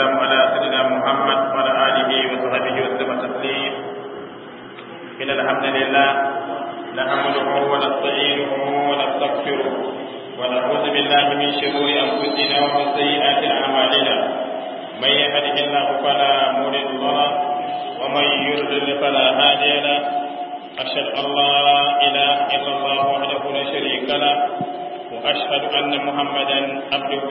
والسلام على سيدنا محمد وعلى آله وصحبه وسلم تسليم إن الحمد لله نحمده ونستعينه ونستغفره ونعوذ بالله من شرور أنفسنا ومن سيئات أعمالنا من يهده الله فلا مضل له ومن يضلل فلا هادي له أشهد أن لا إله إلا الله وحده لا شريك له وأشهد أن محمدا عبده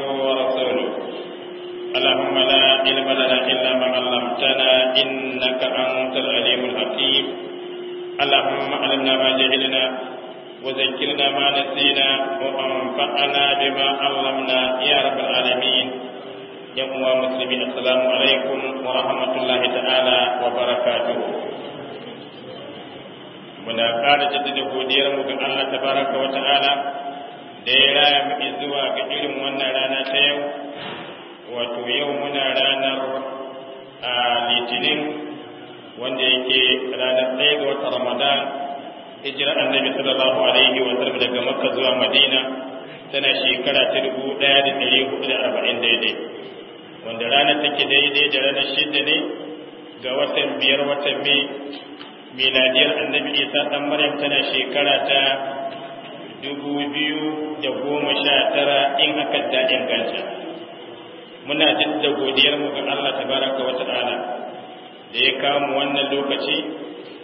اللهم لا علم لنا إلا ما علمتنا إنك أنت العليم الحكيم اللهم علمنا ما جهلنا وذكرنا ما نسينا وأنفعنا بما علمنا يا رب العالمين يا أمة المسلمين السلام عليكم ورحمة الله تعالى وبركاته muna ƙara jaddada godiyarmu ga Allah tabaraka wa ta'ala da ya raya mu zuwa ga irin wannan rana ta yau wato yau muna ranar a litinin wanda yake ranar ɗaya ga wata ramadan hijirar annabi sallallahu alaihi wa sallam daga makka zuwa madina tana shekara ta dubu ɗaya da ɗari hudu da arba'in daidai wanda ranar take daidai da ranar shida ne ga watan biyar watan mai miladiyar annabi isa ɗan maryam tana shekara ta dubu biyu da goma sha tara in aka da inganta muna jidda godiyar mu ga Allah tabaraka wa ta'ala da ya kawo mu wannan lokaci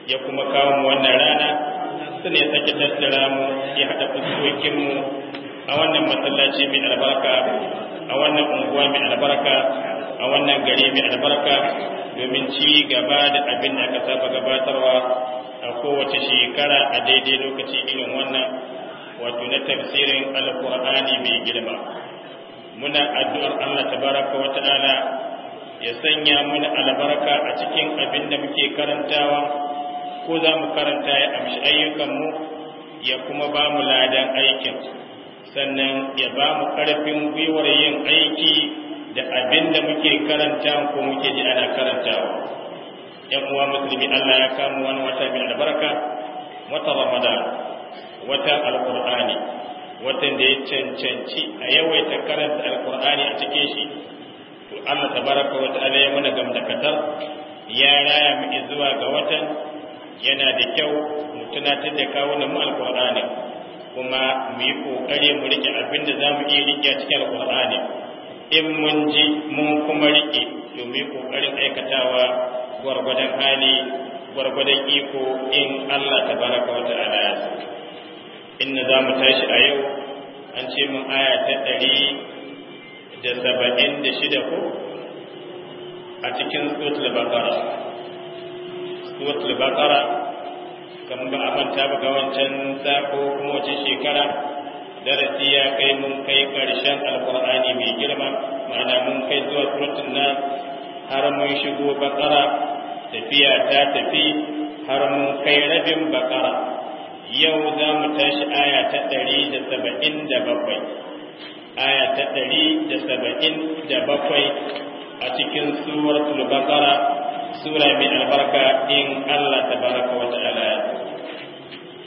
ya kuma kawo mu wannan rana sun ya sake tattara mu ya hada fuskokin mu a wannan masallaci mai albarka a wannan unguwa mai albarka a wannan gari mai albarka domin ci gaba da abin da ka saba gabatarwa a kowace shekara a daidai lokaci irin wannan wato na tafsirin alkur'ani mai girma muna addu'ar Allah baraka wa ta'ala ya sanya muna albarka a cikin abin da muke karantawa ko za mu karanta ya amshi ayyukanmu ya kuma ba mu ladan aikin sannan ya ba mu ƙarfin gwiwar yin aiki da abin da muke karanta ko muke ji ana karantawa uwa musulmi Allah ya kama wani wata mai albarka wata ramadan wata alkur'ani watan da ya cancanci a yawaita karanta alkur'ani a cikin shi to Allah tabaraka wa ta'ala ya mana gamdakatar ya raya mu zuwa ga watan yana da kyau mu tunatar da kawunan mu alkur'ani kuma mu yi kokari mu rike abin da zamu iya rike a cikin alkur'ani in mun ji mun kuma rike to mu yi kokarin aikatawa gwargwadon hali gwargwadon iko in Allah tabaraka wa ta'ala ya saka inna za mu tashi a yau an ce mun aya ta ɗari da saba'in da shida ko a cikin tsotul bakara tsotul bakara kamar ba a manta ba ga wancan zako kuma wace shekara darasi ya kai mun kai ƙarshen alkur'ani mai girma ma'ana mun kai zuwa suratul na har mun shigo bakara tafiya ta tafi har mun kai rabin bakara yau za mu tashi aya ta ɗari da saba'in da bakwai aya ta ɗari da saba'in da bakwai a cikin suratul baqara sura mai albarka in Allah ta wata wa mana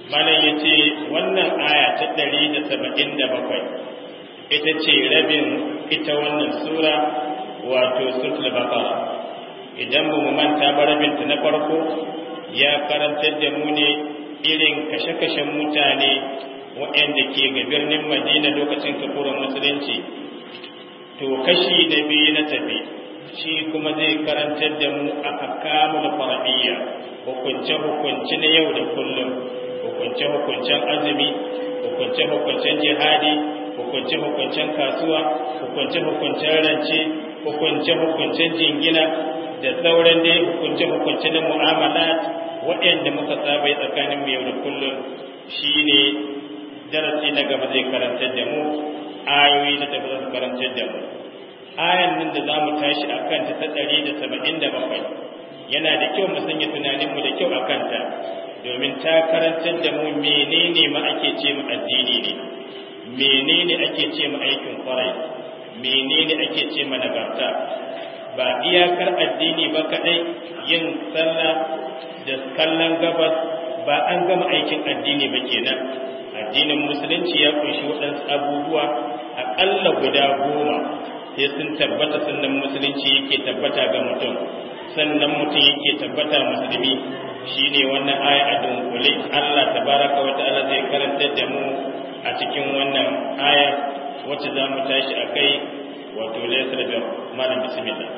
malam ce wannan aya ta ɗari da saba'in da bakwai ita ce rabin ita wannan sura wato suratul baqara idan mu manta ba rabinta na farko ya karantar da mu ne irin kashe-kashen mutane waɗanda ke ga birnin madina lokacin kafuran musulunci to kashi na biyu na tafi shi kuma zai karantar da mu a kakamun fara'iyya hukunce-hukunce na yau da kullum hukunce-hukuncen azumi hukunce-hukuncen jihadi hukunce-hukuncen kasuwa hukunce-hukuncen rance hukunce-hukuncen jingina da sauran dai hukunce-hukunce na mu'amala waɗanda muka saba tsakanin mu yau da kullum shine darasi na gaba zai karantar da mu ayoyi na tafi zai karantar da mu ayan nan da za mu tashi a kanta ta ɗari da da bakwai, yana da kyau mu sanya tunanin mu da kyau a kanta, domin ta karantar da mu menene ma ake ce mu addini ne menene ake ce mu aikin kwarai menene ake ce mu nagarta ba iyakar addini ba kadai yin sallah da kallon gabas ba an gama aikin addini ba kenan addinin musulunci ya kunshi waɗansu abubuwa aƙalla guda goma sai sun tabbata sannan musulunci yake tabbata ga mutum sannan mutum yake tabbata musulmi shine wannan aya a dunkule Allah tabaraka wa ta'ala zai karanta da mu a cikin wannan aya wacce za mu tashi a kai wato laysa da malam bismillah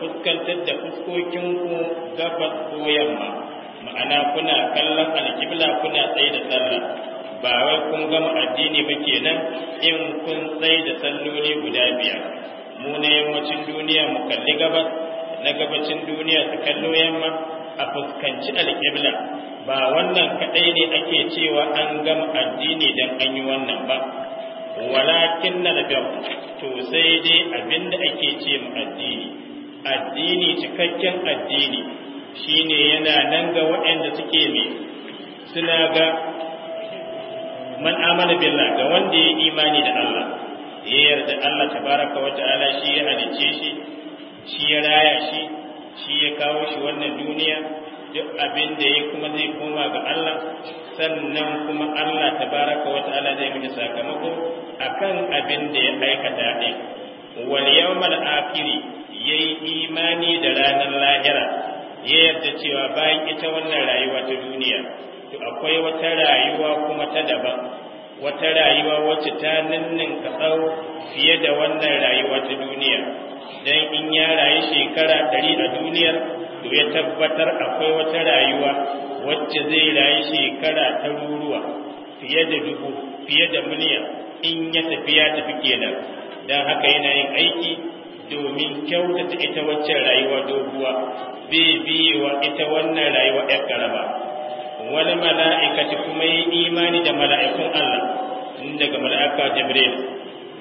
fuskantar da fuskokinku gabas ko yamma ma'ana kuna kallon alƙibla kuna tsaye da sallah ba wai kun gama addini ba kenan in kun tsaye da salloli guda biyar mu na yammacin duniya mu kalli gabas na gabacin duniya su kallo yamma a fuskanci alƙibla ba wannan kaɗai ne ake cewa an gama addini don an yi wannan ba walakin na to sai dai abinda ake ce mu addini addini cikakken addini shine yana nan ga waɗanda suke ne suna ga man amana ga wanda ya imani da Allah ya yarda Allah tabaraka wa ta'ala shi ya halice shi shi ya raya shi shi ya kawo shi wannan duniya duk abin da ya kuma zai koma ga Allah sannan kuma Allah tabaraka wa ta'ala zai miki sakamako akan abin da ya aikata ɗin wal yawmal ya yi imani da ranar lahira ya yarda cewa bayan ita wannan rayuwa ta duniya to akwai wata rayuwa kuma ta daban wata rayuwa wacce ta nannin kasau fiye da wannan rayuwa ta duniya don in ya rayu shekara ɗari a duniyar to ya tabbatar akwai wata rayuwa wacce zai rayu shekara ta ruruwa fiye da dubu fiye da miliyan in ya tafi ya tafi kenan don haka yana yin aiki domin kyautata ita waccan rayuwa doguwa bai biyewa ita wannan rayuwa ‘yar karaba wani mala'ikaci kuma yi imani da mala'ikun Allah daga mala'ika Jibril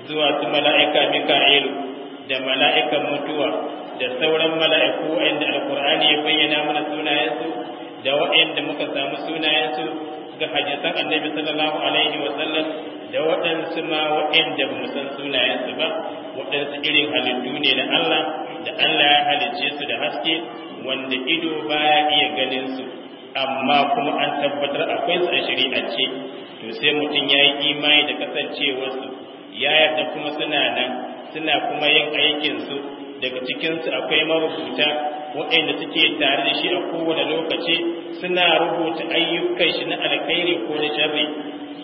zuwa su mala'ika Mika'il da mala'ikan mutuwa da sauran mala'iku wa'inda alkur'ani ya bayyana mana sunayensu da wa'inda muka samu sunayensu ga hadisan annabi sallallahu alaihi wa sallam da waɗansu ma waɗanda ba mu san sunayensu ba waɗansu irin halittu ne na Allah da Allah ya halicce su da haske wanda ido baya iya ganin su amma kuma an tabbatar akwai su a ce to sai mutum ya yi imani da kasancewarsu ya yarda kuma suna nan suna kuma yin aikinsu daga cikinsu akwai marubuta waɗanda suke tare da shi a kowane lokaci suna rubuta ayyukan shi na alkhairi ko na sharri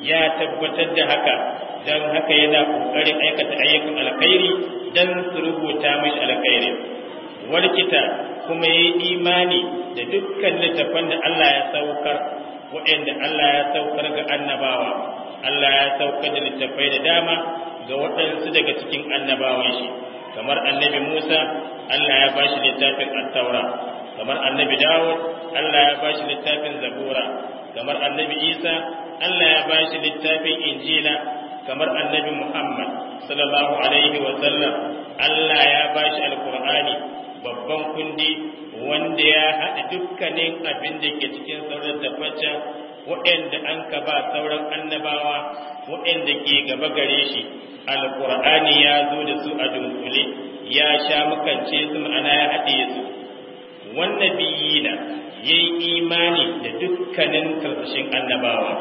ya tabbatar da haka don haka yana ƙoƙarin aikata ayyukan alkhairi don su rubuta mashi alkhairi Warkita kuma ya yi imani da dukkan littafan da Allah ya saukar waɗanda Allah ya saukar ga annabawa Allah ya saukar da littafai da dama ga waɗansu daga cikin annabawan shi kamar annabi Musa Allah ya bashi littafin at-taura kamar annabi Dawud Allah ya bashi littafin zabura kamar annabi Isa Allah ya bashi littafin injila kamar annabi Muhammad sallallahu alaihi wa sallam Allah ya bashi alqur'ani babban kundi wanda ya haɗa dukkanin abin da ke cikin sauran tabbacin waɗanda an ka ba sauran annabawa waɗanda ke gaba gare shi alƙur'ani ya zo da su a dunkule ya sha makance su ma'ana ya haɗe su wannan biyina ya yi imani da dukkanin karkashin annabawa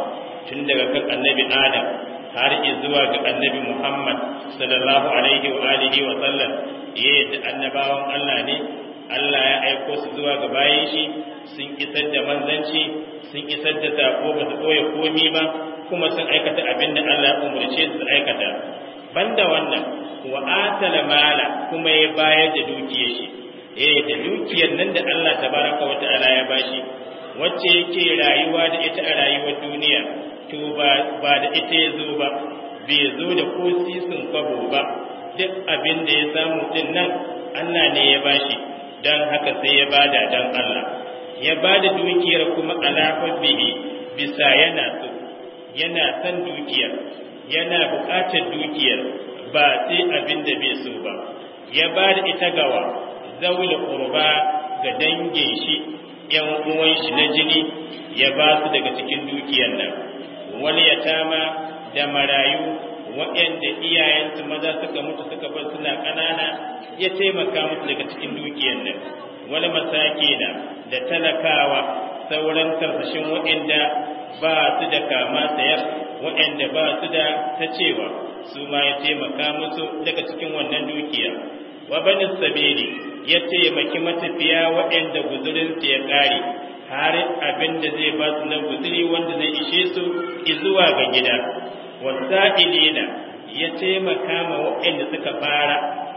tun daga kan annabi adam har zuwa ga annabi muhammad sallallahu alaihi wa alihi wa sallam ya yadda annabawan allah ne Allah ya aiko su zuwa ga bayan shi sun isar da manzanci sun isar da tako ba su koya komi ba kuma sun aikata abin da Allah ya umarce su aikata banda wannan wa atala mala kuma ya bayar da dukiyar shi eh da dukiyar nan da Allah tabaraka wa ta'ala ya bashi wacce yake rayuwa da ita a rayuwar duniya to ba da ita ya zo ba bai zo da ko sisin kwabo ba duk abin da ya samu din nan Allah ne ya bashi Don haka sai ya bada dan Allah ya bada dukiyar kuma ala bihi bisa yana so yana san dukiyar yana buƙatar dukiyar ba sai abin da bai so ba ya bada ita gawa zawul qurba ga dangin shi yan uwan shi na jini ya ba su daga cikin dukiyar nan wal tama da marayu waɗanda iyayensu maza suka mutu suka bar suna ƙanana ya taimaka musu daga cikin dukiyar nan wani masake na da talakawa sauran karsashin waɗanda ba su da kama sayar waɗanda ba su da ta cewa su ma ya taimaka musu daga cikin wannan dukiya wa bani sabili ya taimaki matafiya waɗanda guzurinsu ya ƙare har abin da zai ba su na guzuri wanda zai ishe su zuwa ga gida wasa'ilina ya taimaka ma waɗanda suka fara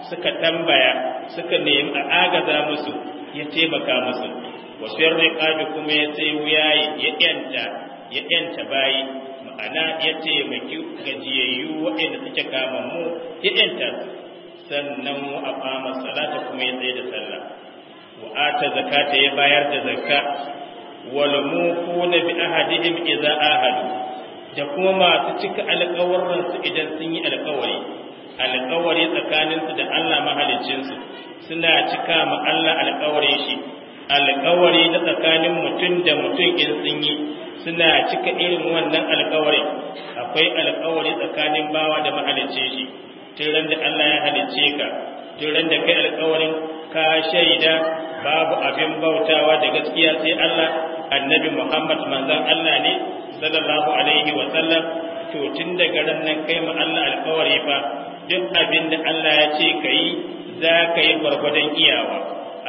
suka tambaya suka nemi a agaza musu ya taimaka musu wasu kaji kuma ya sai wuya ya yanta ya yanta bayi ma'ana ya taimaki gajiyayyu waɗanda suke kama mu ya yanta sannan mu a fama salata kuma ya tsaye da sallah wa ata zakata ya bayar da zakka wal kuna bi ahadihim idza ahadu da kuma masu cika alƙawarinsu idan sun yi alƙawari alƙawari tsakaninsu da Allah mahaliccinsu suna cika ma Allah alƙawarin shi alƙawari na tsakanin mutum da mutum in sun yi suna cika irin wannan alƙawari akwai alƙawari tsakanin bawa da mahalicce shi tun da Allah ya halicce ka tun da kai alƙawarin ka shaida babu abin bautawa da gaskiya sai Allah annabi Muhammad manzon Allah ne sallallahu alaihi wa sallam to tun daga ran nan kai ma Allah alƙawari fa duk abin da Allah ya ce ka za ka yi gwargwadon iyawa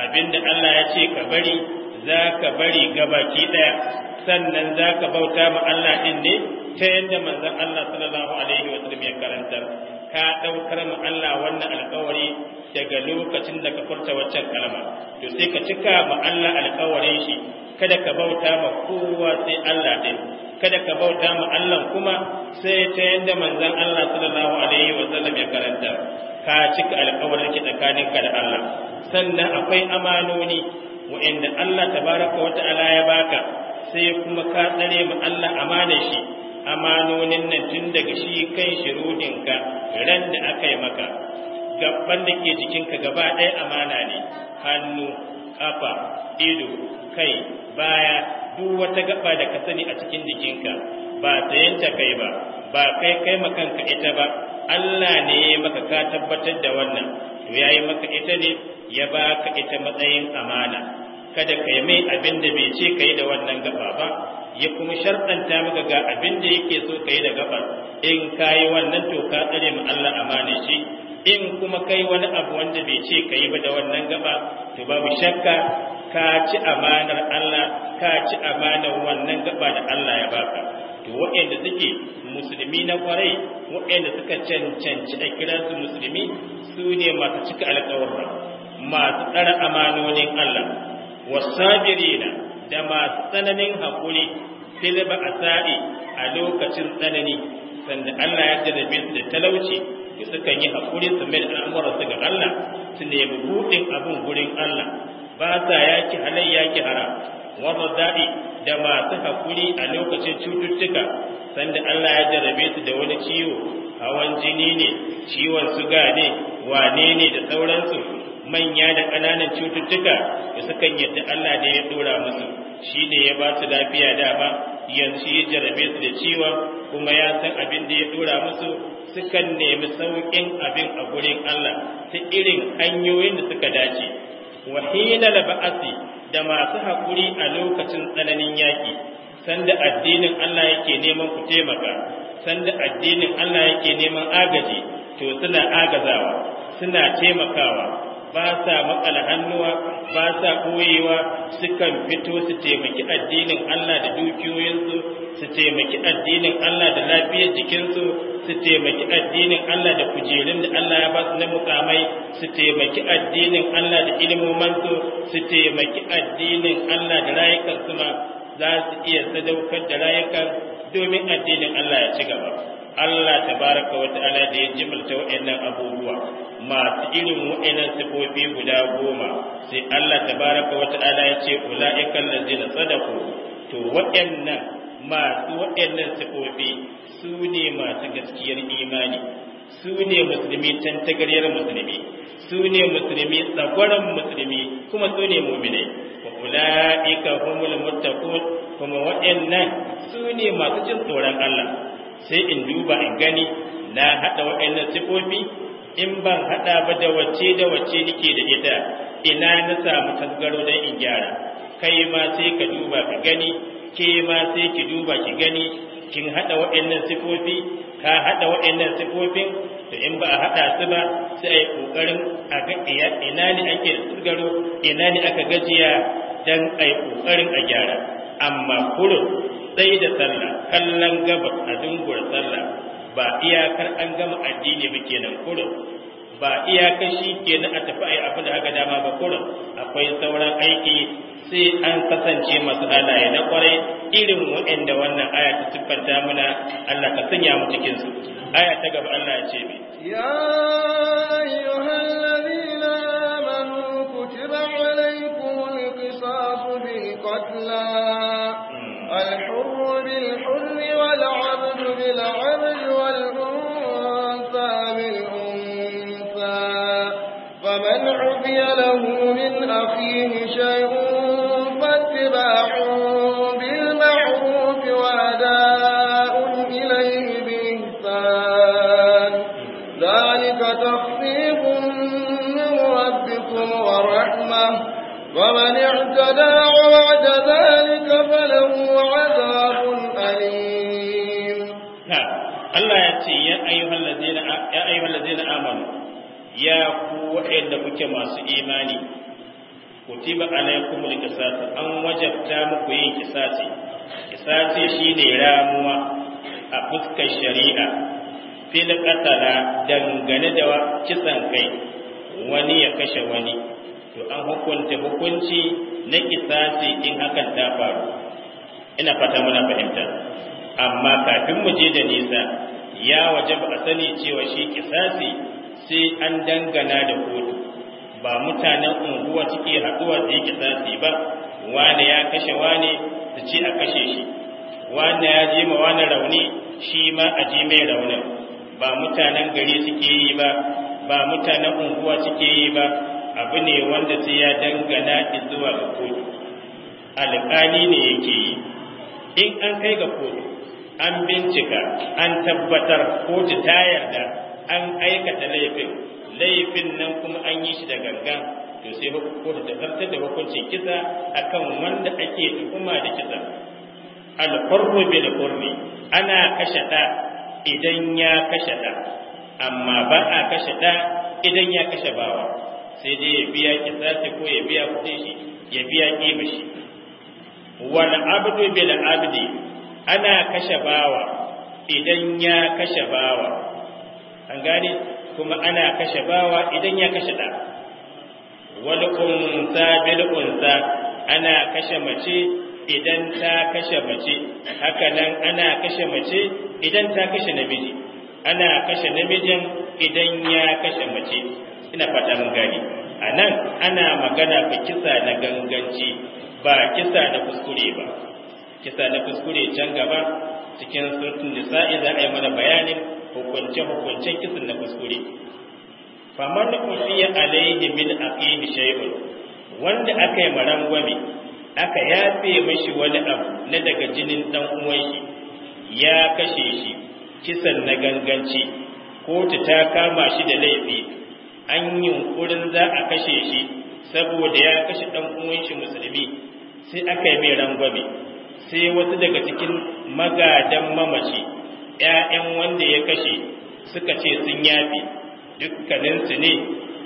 abin da Allah ya ce ka bari za ka bari gabaki ɗaya sannan za ka bauta ma Allah ɗin ne ta yadda manzon Allah sallallahu alaihi wa sallam ya karantar ka ɗaukar ma Allah wannan alƙawari daga lokacin da ka furta waccan kalma to sai ka cika ma Allah alƙawarin shi kada ka bauta ma kowa sai Allah ɗin kada ka bauta ma Allah kuma sai ta yadda manzon Allah sallallahu alaihi wa sallam ya karanta ka cika alƙawarin ki tsakaninka da Allah sannan akwai amanoni wa'inda Allah ta tabaraka wa ta'ala ya baka sai kuma ka tsare mu Allah amanar shi amanonin nan tun daga shi kan shirudinka ran da aka maka gaban da ke jikinka gaba ɗaya amana ne hannu kafa ido kai baya duk wata gaba da ka sani a cikin jikinka ba sayanta kai ba ba kai kai makanka ita ba Allah ne ya maka ka tabbatar da wannan to ya yi maka ita ne ya baka ita matsayin amana kada ka yi mai abin da bai ce ka yi da wannan gaba ba ya kuma sharɗanta maka ga abin da yake so ka yi da gaba, in ka yi wannan to ka tsare ma Allah amana shi in kuma kai wani abu wanda bai ce ka yi ba da wannan gaba to babu shakka ka ci amanar Allah ka ci amanar wannan gaba da Allah ya baka to waɗanda suke musulmi na kwarai waɗanda suka cancanci a su musulmi su ne masu cika alƙawarra masu ɗara amanonin Allah wasabirina da masu tsananin haƙuri a ba'sa'i a lokacin tsanani sanda Allah ya jarabe su da talauci da suka yi haƙuri su mai al'amuran su ga Allah su nemi buɗin abin gurin Allah ba sa yaki halayya ki haram warradadi da masu haƙuri a lokacin cututtuka sanda Allah ya jarabe su da wani ciwo hawan jini ne ciwon suga ne wane ne da sauransu manya da ƙananan cututtuka da sukan yadda Allah da ya dora musu shi ne ya ba su lafiya dama yanzu ya jarabe su da ciwon kuma ya san abin da ya dora musu sukan nemi sauƙin abin a gurin Allah ta irin hanyoyin da suka dace wa hina la ba'asi da masu haƙuri a lokacin tsananin yaƙi sanda addinin Allah yake neman ku taimaka sanda addinin Allah yake neman agaji to suna agazawa suna taimakawa ba sa makala hannuwa ba sa koyewa sukan fito su taimaki addinin Allah da dukiyoyinsu su taimaki addinin Allah da lafiyar jikinsu su taimaki addinin Allah da kujerun da Allah ya ba su na mukamai su taimaki addinin Allah da ilimomansu su taimaki addinin Allah da rayukansu ma za su iya sadaukar da rayukan domin addinin Allah ya ci gaba Allah ta baraka wa ta'ala da ya jimlta wa'annan abubuwa masu irin wa'annan sifofi guda goma sai Allah ta baraka wa ta'ala ya ce na ladzina sadaku to wa'annan masu wa'annan sifofi su ne masu gaskiyar imani su ne musulmi tantagaryar musulmi su ne musulmi tsagwaron musulmi kuma su ne mumine wa ula'ika humul muttaqun kuma waɗannan su ne masu jin tsoron Allah sai in duba in gani na haɗa waɗannan sifofi in ban haɗa ba da wacce da wacce nake da ita ina na samu tasgaro don in gyara kai ma sai ka duba ka gani ke ma sai ki duba ki gani kin haɗa waɗannan sifofi ka haɗa waɗannan sifofin to in ba a haɗa su ba sai a yi ƙoƙarin a ga ina ne ake da tasgaro ina ne aka gajiya don a yi ƙoƙarin a gyara amma kurun Sai da sallah kallon gaba a dungura sallah ba iyakar an gama addini ba kenan kurum ba iyakar shi kenan a tafi ai abin da haka dama ba kurum akwai sauran aiki sai an kasance masu halaye na kwarai irin waɗanda wannan aya ta siffanta mana Allah ka sanya mu cikin su aya ta gaba Allah ya ce mi ya ayyuhal ladina amanu kutiba alaykumul qisasu bil qatla الحر بالحر والعبد بالعبد والأنثى بالأنثى فمن عفي له من أخيه شيء فاتباع بالمعروف وأداء إليه بإحسان ذلك تخفيف من ربكم ورحمه ومن اعتدى وبعد ذلك فله عذاب أليم نعم الله يأتي يا أيها الذين يا أيها الذين آمنوا يا وحيد كما إيماني kutiba alaikum al-qisas an wajabta muku yin kisasi kisasi shine ramuwa a fuskar shari'a filin qatala dangane da kitson kai wani ya kashe wani to an hukunta hukunci na kisasi in hakan ta faru ina fata muna fahimta amma kafin mu je da nisa ya waje ba a sani cewa shi kisasi sai an dangana da kotu ba mutanen unguwa suke haɗuwa da kisasi ba Wani ya kashe wani su ci a kashe shi Wani ya ma rauni shi ma a ji mai raunin ba mutanen gari suke yi ba ba mutanen unguwa suke yi ba abu ne wanda sai ya dangana zuwa ga kotu alƙali ne yake yi in an kai ga kotu an bincika an tabbatar kotu ta yarda an aikata laifin laifin nan kuma an yi shi da gangan to sai kotu ta zartar da hukuncin kisa akan wanda ake tuhuma da kisa alqurru bil qurri ana kashe ta idan ya kashe ta amma ba a kashe ta idan ya kashe bawa sai dai ya biya sace ko ya biya kuɗin shi ya biya ƙima shi wal abdu bil abdi ana kashe bawa idan ya kashe bawa an gane kuma ana kashe bawa idan ya kashe da wal unsa bil unsa ana kashe mace idan ta kashe mace haka nan ana kashe mace idan ta kashe namiji ana kashe namijin idan ya kashe mace ina fata mun gane a nan ana magana fa kisa na ganganci ba kisa na kuskure ba kisa na kuskure can gaba cikin surtun nisa'i za a yi mana bayanin hukunce-hukuncen kisan na kuskure faman usiya alaihi min aqihi shay'un wanda aka marangwami, aka yafe mashi wani abu na daga jinin dan uwan shi ya kashe shi kisan na ganganci ko ta kama shi da laifi an yunkurin za a kashe shi saboda ya kashe ɗan uwan musulmi sai aka yi mai rangwame sai wasu daga cikin magadan mamaci ‘ya'yan wanda ya kashe suka ce sun yafi dukkaninsu ne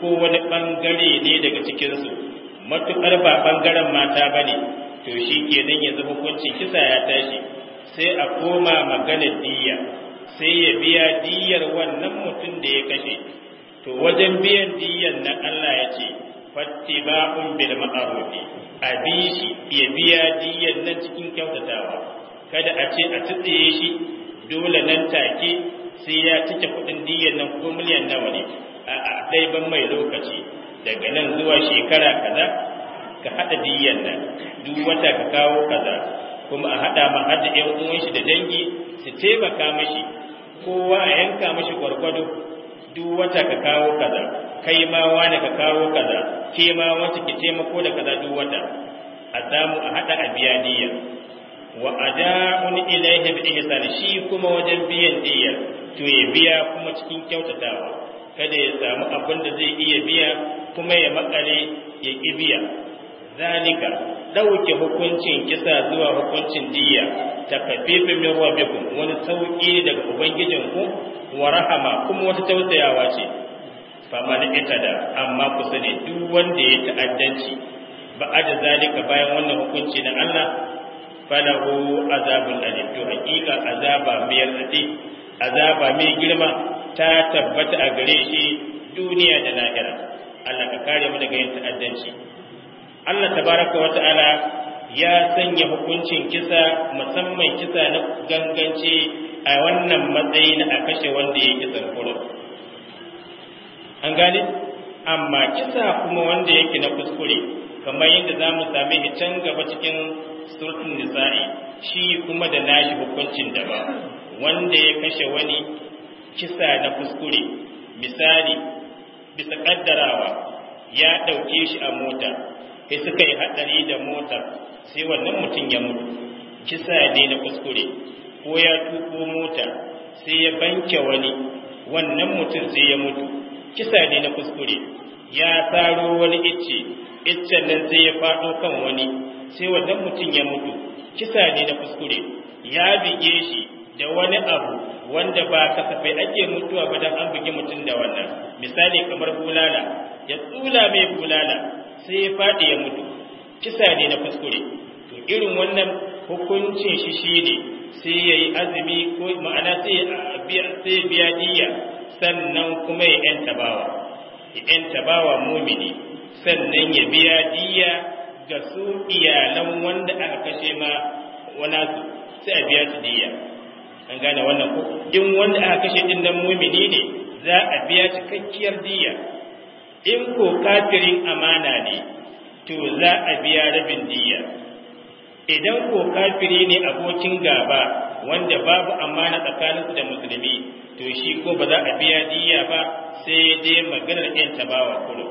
ko wani ɓangare ne daga cikinsu matuƙar ba ɓangaren mata ba ne to shi ke nan zama hukuncin kisa ya tashi sai a koma maganar diya sai ya biya diyar wannan mutum da ya kashe to wajen biyan diyan nan Allah ya ce fattiba'un bil ma'arufi a bi shi ya biya diyan nan cikin kyautatawa kada a ce a tsitsiye shi dole nan take sai ya cike kuɗin diyan nan ko miliyan nawa ne a ɗai ban mai lokaci daga nan zuwa shekara kaza ka haɗa diyan nan duk wata ka kawo kaza kuma a haɗa ma haɗa ‘yan uwan shi da dangi su taimaka mashi kowa a yanka mashi gwargwado duk wata ka kawo kaza kai ma wani ka kawo kaza ke ma wata ki taimako da kaza duk wata a samu a hada a biya diyya wa ada'un ilaihi bi ihsan shi kuma wajen biyan diyya to ya biya kuma cikin kyautatawa kada ya samu abin da zai iya biya kuma ya makale ya ki biya zalika ɗauke hukuncin kisa zuwa hukuncin diyya takfifin min rabbikum wani sauki daga ku wa rahama kuma wata tausayawa ce faman itada amma ku sani duk wanda ya ta'addanci Ba da zalika bayan wannan hukunci na Allah falahu azabun alim to hakika azaba mai azaba mai girma ta tabbata a gare shi duniya da lahira Allah ka kare mu daga yin ta'addanci Allah tabaraka wa ta'ala ya sanya hukuncin kisa musamman kisa na ganganci a wannan matsayi na a kashe wanda ya kisan kuro. an gani amma kisa kuma wanda yake na kuskure kamar yadda za mu same shi can gaba cikin surtun nisa'i shi kuma da nashi hukuncin da ba wanda ya kashe wani kisa na kuskure misali bisa ƙaddarawa, ya ɗauke shi a mota sai suka yi haɗari da mota sai wannan mutum ya mutu kisa ya na kuskure ko ya tuko mota sai ya banke wani wannan mutum sai ya mutu kisa ya na kuskure ya tsaro wani icce iccen nan sai ya faɗo kan wani sai wannan mutum ya mutu kisa ne na kuskure ya bige shi da wani abu wanda ba kasafai ake mutuwa ba dan an bugi mutum da wannan misali kamar bulala ya tsula mai bulala sai ya faɗi ya mutu kisa ne na kuskure to irin wannan hukuncin shi shi ne sai ya yi azumi ko ma'ana sai ya biya diya sannan kuma ya ‘yan tabawa ya ‘yan tabawa mumini sannan ya biya diya ga su iyalan wanda aka kashe ma wana su sai a biya su diya an gane wannan ko in wanda aka kashe din nan mumini ne za a biya cikakkiyar diya in ko kafirin amana ne to za a biya rabin diya idan ko kafiri ne abokin gaba wanda babu amana tsakaninsu da musulmi to shi ko ba za a biya diya ba sai dai maganar yan tabawa kuro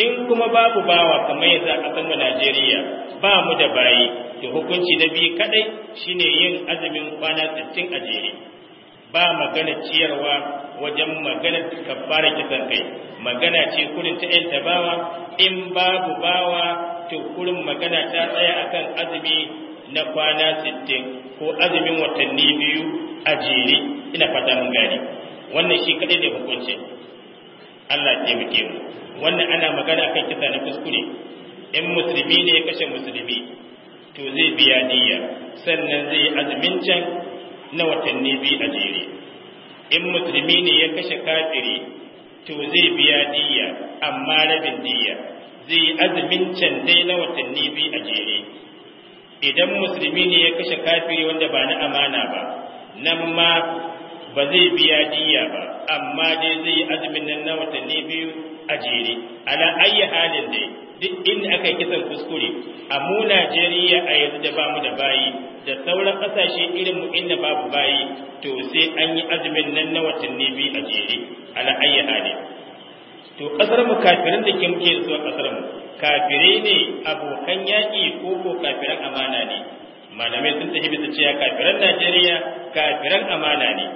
in kuma babu bawa kamar za a mu Najeriya ba mu da bayi to hukunci na biyu kadai shine yin azumin kwana 60 a ba magana ciyarwa wajen magana kafara kisan kai magana ce kudin ta yanta bawa in babu bawa to kurin magana ta tsaya akan azumi na kwana 60 ko azumin watanni biyu a jere ina fata mun gari. wannan shi kadai ne hukunci Allah ya taimake mu wannan ana magana akan kisa na kuskure in musulmi ne ya kashe musulmi to zai biya diyya. sannan zai azumin can na watanni biyu a jere in musulmi ne ya kashe kafiri to zai biya diyya, amma rabin diyya zai azumin can dai na watanni biyu a jere idan musulmi ne ya kashe kafiri wanda ba na amana ba nan ma ba zai biya diyya ba amma dai zai yi azumin nan na watanni biyu a jere ala ayyi halin dai duk inda aka yi kisan kuskure a mu Najeriya a yanzu da bamu da bayi da sauran kasashe irin mu inda babu bayi to sai an yi azumin nan na watanni biyu a jere ala ayyana hali to kasar mu kafirin da ke zuwa kasar mu kafirai ne abokan yaƙi ko ko kafiran amana ne malamai sun tafi bisa cewa kafiran Najeriya kafiran amana ne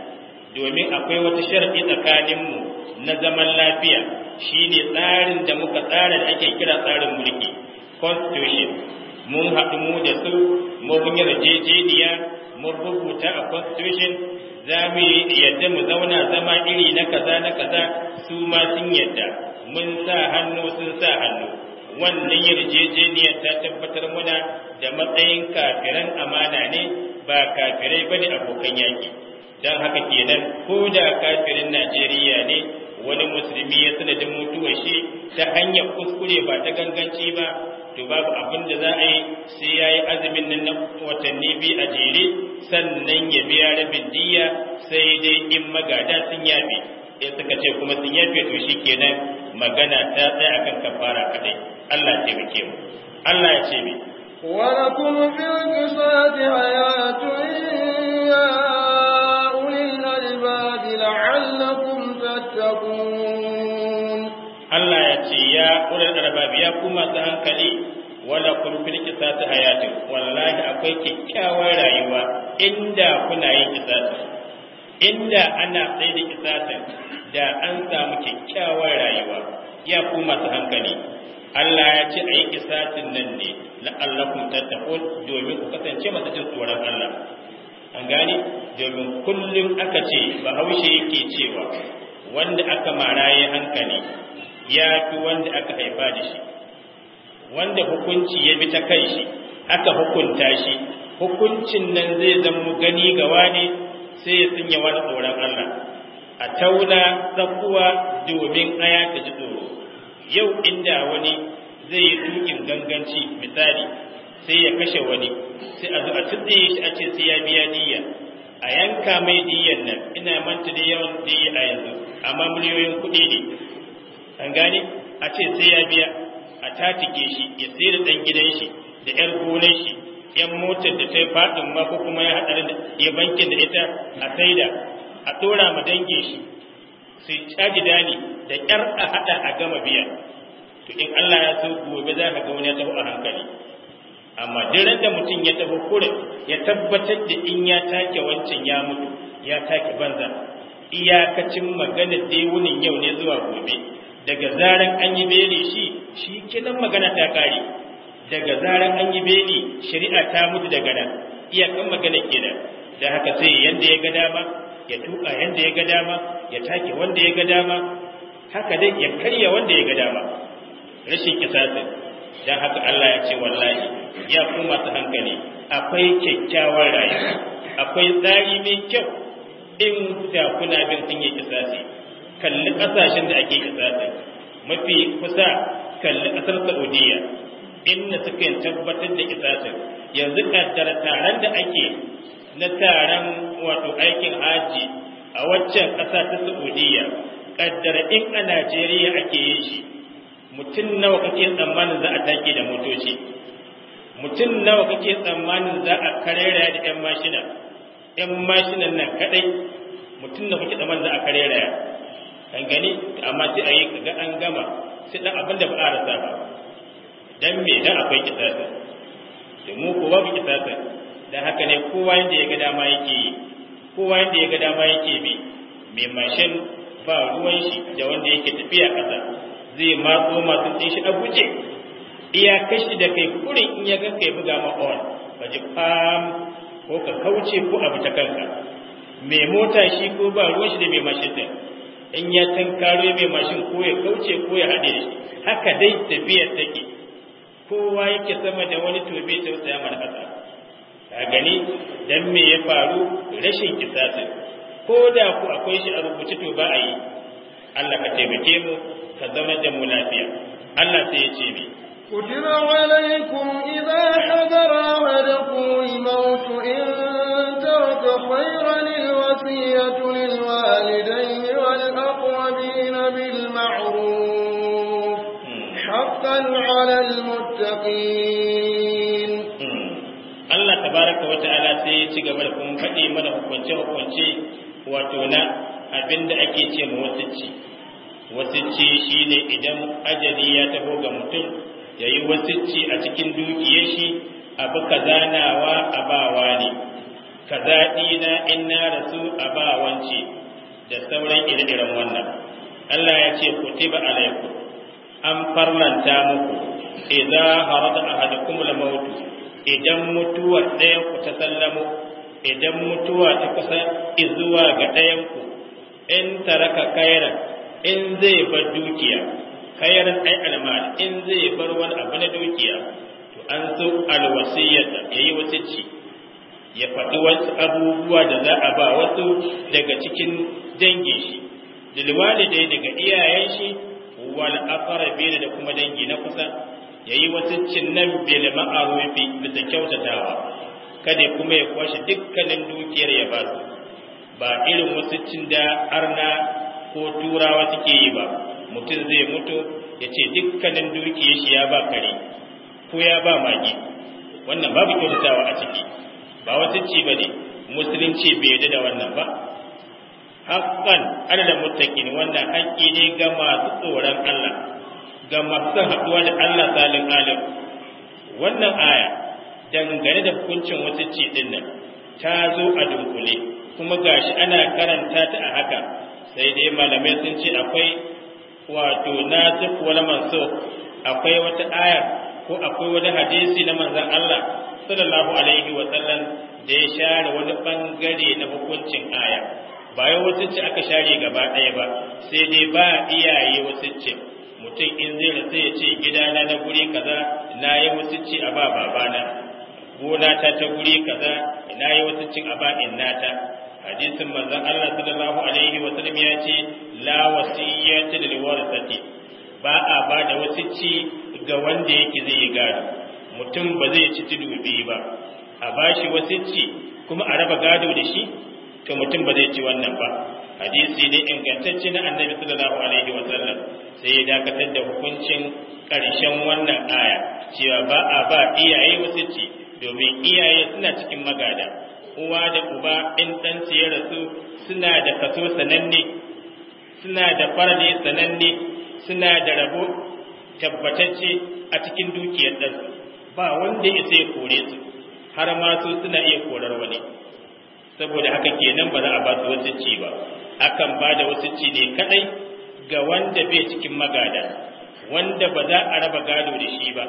domin akwai wata sharɗi tsakaninmu na zaman lafiya shine tsarin da muka tsara da ake kira tsarin mulki constitution mun haɗu mu da su mun yi rajejeniya mun rubuta a constitution za mu yadda mu zauna zama iri na kaza na kaza su ma sun yadda mun sa hannu sun sa hannu wannan yarjejeniya ta tabbatar muna da matsayin kafiran amana ne ba kafirai bane abokan yaki don haka kenan ko da kafirin Najeriya ne wani musulmi ya sanadin mutuwar shi ta hanyar kuskure ba ta ganganci ba to babu abin da za a yi sai ya yi azumin nan na watanni biyu a jere sannan ya biya rabin diya sai dai in magada sun yafe in suka ce kuma sun yafe to shi kenan magana ta tsaya kan kafara kadai Allah ya mu Allah ya ce mi ولكم في القصاص حياة يا لعلكم تتقون الله يتي يا أولي الألباب يا كما تهنكلي ولا كن في الكسات حياتي والله أكوي كيكاوى رايوة إندا كنا يكسات إندا أنا قيد كسات da an samu kyakkyawar rayuwa ya ku masu hankali Allah ya ce a yi kisatin nan ne la'allakum tattaqun domin ku kasance masu jin tsoron Allah an gani domin kullum aka ce bahaushe yake cewa wanda aka mara ya hankali ya fi wanda aka haifa da shi wanda hukunci ya bi ta kai shi aka hukunta shi hukuncin nan zai zama gani ga wani sai ya tsinya wani tsoron Allah a tauna tsakuwa domin aya ta ji tsoro yau inda wani zai yi tukin ganganci misali sai ya kashe wani sai a zo a tutsiye shi a ce sai ya biya diyya. a yanka mai diyyan nan ina manta da yawan diyya a yanzu amma miliyoyin kuɗi ne an gane a ce sai ya biya a tatike shi ya sai da ɗan gidan shi da ƴar gonar shi ƴan motar da ta yi faɗin ma ko kuma ya haɗari da ya bankin da ita a saida a ɗora ma dangin shi su caji dani da 'yar a haɗa a gama biya to in Allah ya so gobe za ka ga wani ya taho a hankali amma duk da mutum ya tafi kure ya tabbatar da in ya take wancan ya mutu ya take banza iyakacin magana dai wunin yau ne zuwa gobe daga zaran an yi beli shi shi kenan magana ta kare daga zaran an yi beli shari'a ta mutu daga nan iyakan magana kenan da haka sai yanda ya ga dama ya tuka yanda ya ga dama ya take wanda ya ga dama haka dai ya karya wanda ya ga dama rashin kisasin dan haka Allah ya ce wallahi ya kuma ta hankali akwai kyakkyawar rayuwa akwai tsari mai kyau in da kuna bin yi kisasi kalli kasashen da ake kisasi mafi kusa kalli kasar Saudiya inda suka tabbatar da kisasi yanzu kaddara taron da ake na taron wato aikin haji a waccan ƙasa ta Saudiya kaddara in a Najeriya ake yin shi mutum nawa kake tsammanin za a take da motoci mutum nawa kake tsammanin za a karera da yan mashina yan mashinan nan kadai mutum nawa kake tsammanin za a karera kan gani amma sai a yi ga an gama sai dan abin da ba a rasa ba dan me dan akwai kitasa da mu ko babu kitasa dan haka ne kowa yanda ya ga dama yake yi kowa yanda ya ga dama yake bi mai mashin ba ruwan shi da wanda yake tafiya kasa zai matso masu tsin shi a guje iya kashi da kai kurin in ya kai buga ma on fam ko ka kauce ko abu ta kanka mai mota shi ko ba ruwan shi da mai mashin din in ya karo mai mashin ko ya kauce ko ya haɗe shi haka dai tafiyar take kowa yake sama da wani tobe tausaya mana kasa ka gani dan me ya faru rashin kisasin ko da ku akwai shi a rubuce to ba a yi Allah ka taimake mu ka zama da lafiya Allah sai ya ce mi كتب عليكم إذا حضر أحدكم الموت إن ترك خيرا الوصية للوالدين والأقربين بالمعروف حقا على المتقين Allah tabaraka wa ta'ala sai ya ci gaba da kuma faɗi mana hukunce hukunce wato na abinda ake ce ma wasicci wasicci ne idan ajali ya taho ga mutum ya yi wasicci a cikin dukiyar shi abu kazanawa a bawa ne zaɗi na in na rasu a bawance da sauran ire-iren wannan Allah ya ce ku kutiba alaiku. an farlanta muku idza harada ahadukum al-maut idan mutuwa ɗayan ku ta sallamo idan mutuwa ta kusa izuwa ga ɗayan ku in taraka kairan in zai bar dukiya kayar ai almal in zai bar wani abu na dukiya to an so alwasiyata yayi ci, ya faɗi wasu abubuwa da za a ba wasu daga cikin dangin shi dai daga iyayen shi wal aqrabina da kuma dangi na kusa yayi cin nan bil ma'rufi bisa kyautatawa kada kuma ya kwashe dukkanin dukiyar ya ba ba irin cin da arna ko turawa suke yi ba mutum zai mutu ya ce dukkanin dukiyar shi ya ba kare ko ya ba magi wannan babu kyautatawa a ciki ba wata ci ba ne musulunci bai yadda da wannan ba haƙƙan alal mutakin wannan haƙƙi ne ga masu tsoron Allah ga masu haɗuwa da Allah salin alim wannan aya dangane da hukuncin wata ci dinnan nan ta zo a dunkule kuma gashi ana karanta ta a haka sai dai malamai sun ce akwai wato duk wani mansukh akwai wata aya ko akwai wani hadisi na manzon Allah sallallahu alaihi wa sallam da ya share wani bangare na hukuncin aya ba ya wasicce aka share gaba ɗaya ba sai dai ba iyaye ci. mutum in zai rasu ya ce gidana na guri kaza na yi ci a ba babana gona ta ta guri kaza na yi ci a ba innata hadisin manzon Allah sallallahu alaihi wa sallam ya ce la wasiyyati lil warasati ba a ba da wasicci ga wanda yake zai yi gado mutum ba zai ci tudu biyu ba a ba shi wasicci kuma a raba gado da shi to mutum ba zai ci wannan ba hadisi ne ingantacce na annabi sallallahu alaihi wa sallam sai ya dakatar da hukuncin karshen wannan aya cewa ba a ba iyaye wasicci domin iyaye suna cikin magada uwa da uba in ɗan ya rasu suna da kaso sananne suna da farne sananne suna da rabo tabbatacce a cikin dukiyar ɗansu ba wanda ya sai kore su har ma su suna iya korar wani saboda haka kenan ba za a ba su wasu ci ba akan ba da wasu ci ne kadai ga wanda bai cikin magada wanda ba za a raba gado da shi ba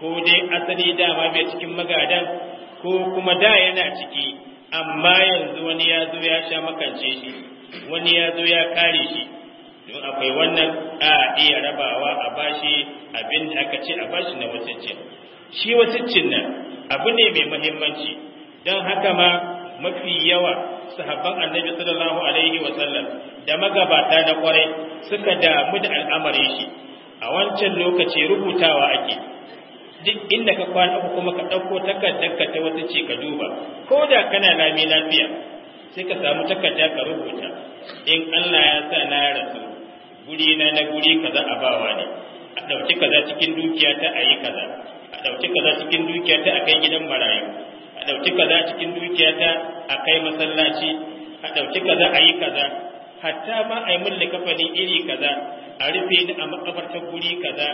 ko dai asali dama bai cikin magadan ko kuma da yana ciki amma yanzu wani ya zo ya sha makance shi wani ya zo ya kare shi don akwai wannan a iya rabawa a bashi abin da aka ce a bashi na wasiccin shi wasiccin nan abu ne mai muhimmanci don haka ma mafi yawa sahabban annabi sallallahu alaihi wa sallam da magabata na kwarai suka damu da al'amarin shi a wancan lokaci rubutawa ake duk inda ka kwana uku kuma ka ɗauko takardarka ta wata ce ka duba ko da kana lami lafiya sai ka samu takarda ka rubuta in Allah ya sa na rasu guri na na guri kaza a bawa ne a ɗauki kaza cikin dukiya ta a yi kaza a ɗauki kaza cikin dukiya ta a kai gidan marayu a ɗauki kaza cikin dukiya ta a kai masallaci a ɗauki kaza a yi kaza hatta ma a yi mun likafani iri kaza a rufe ni a makabartar guri kaza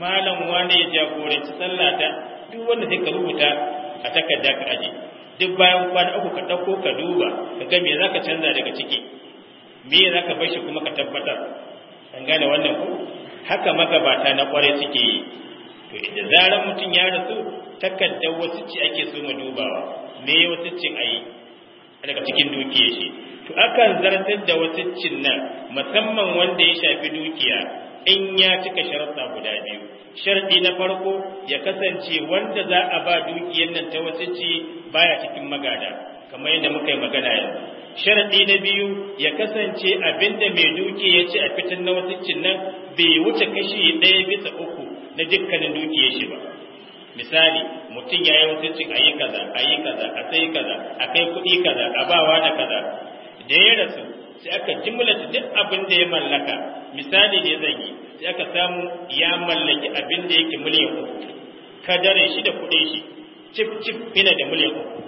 malam wani ya jagoranci sallah ta duk wanda sai ka rubuta a takarda ka aje duk bayan kwana uku ka ɗauko ka duba ka ga me zaka canza daga ciki me zaka bar shi kuma ka tabbatar an gane wannan ko haka magabata na kware suke yi to idan zaran mutum ya rasu takarda wasu ci ake so mu dubawa me wasu cin ayi daga cikin dukiyar shi to akan zartar da wasu cin nan musamman wanda ya shafi dukiya in ya cika sharaɗa guda biyu sharaɗi na farko ya kasance wanda za a ba dukiyar nan ta ce baya cikin magada kamar yadda muka yi magana yanzu sharaɗi na biyu ya kasance abinda mai duki ya ci a fitin na cin nan bai wuce kashi ɗaya bisa uku na dukkanin dukiyar shi ba misali mutum ya yi wasiccin a yi kaza a yi kaza a sai kaza a kai kuɗi kaza a bawa da kaza da ya rasu sai aka jimlata duk abin da ya mallaka misali ne zan yi sai aka samu ya mallaki abin da yake miliyan uku kadare shi da kuɗin shi cif cif yana da miliyan uku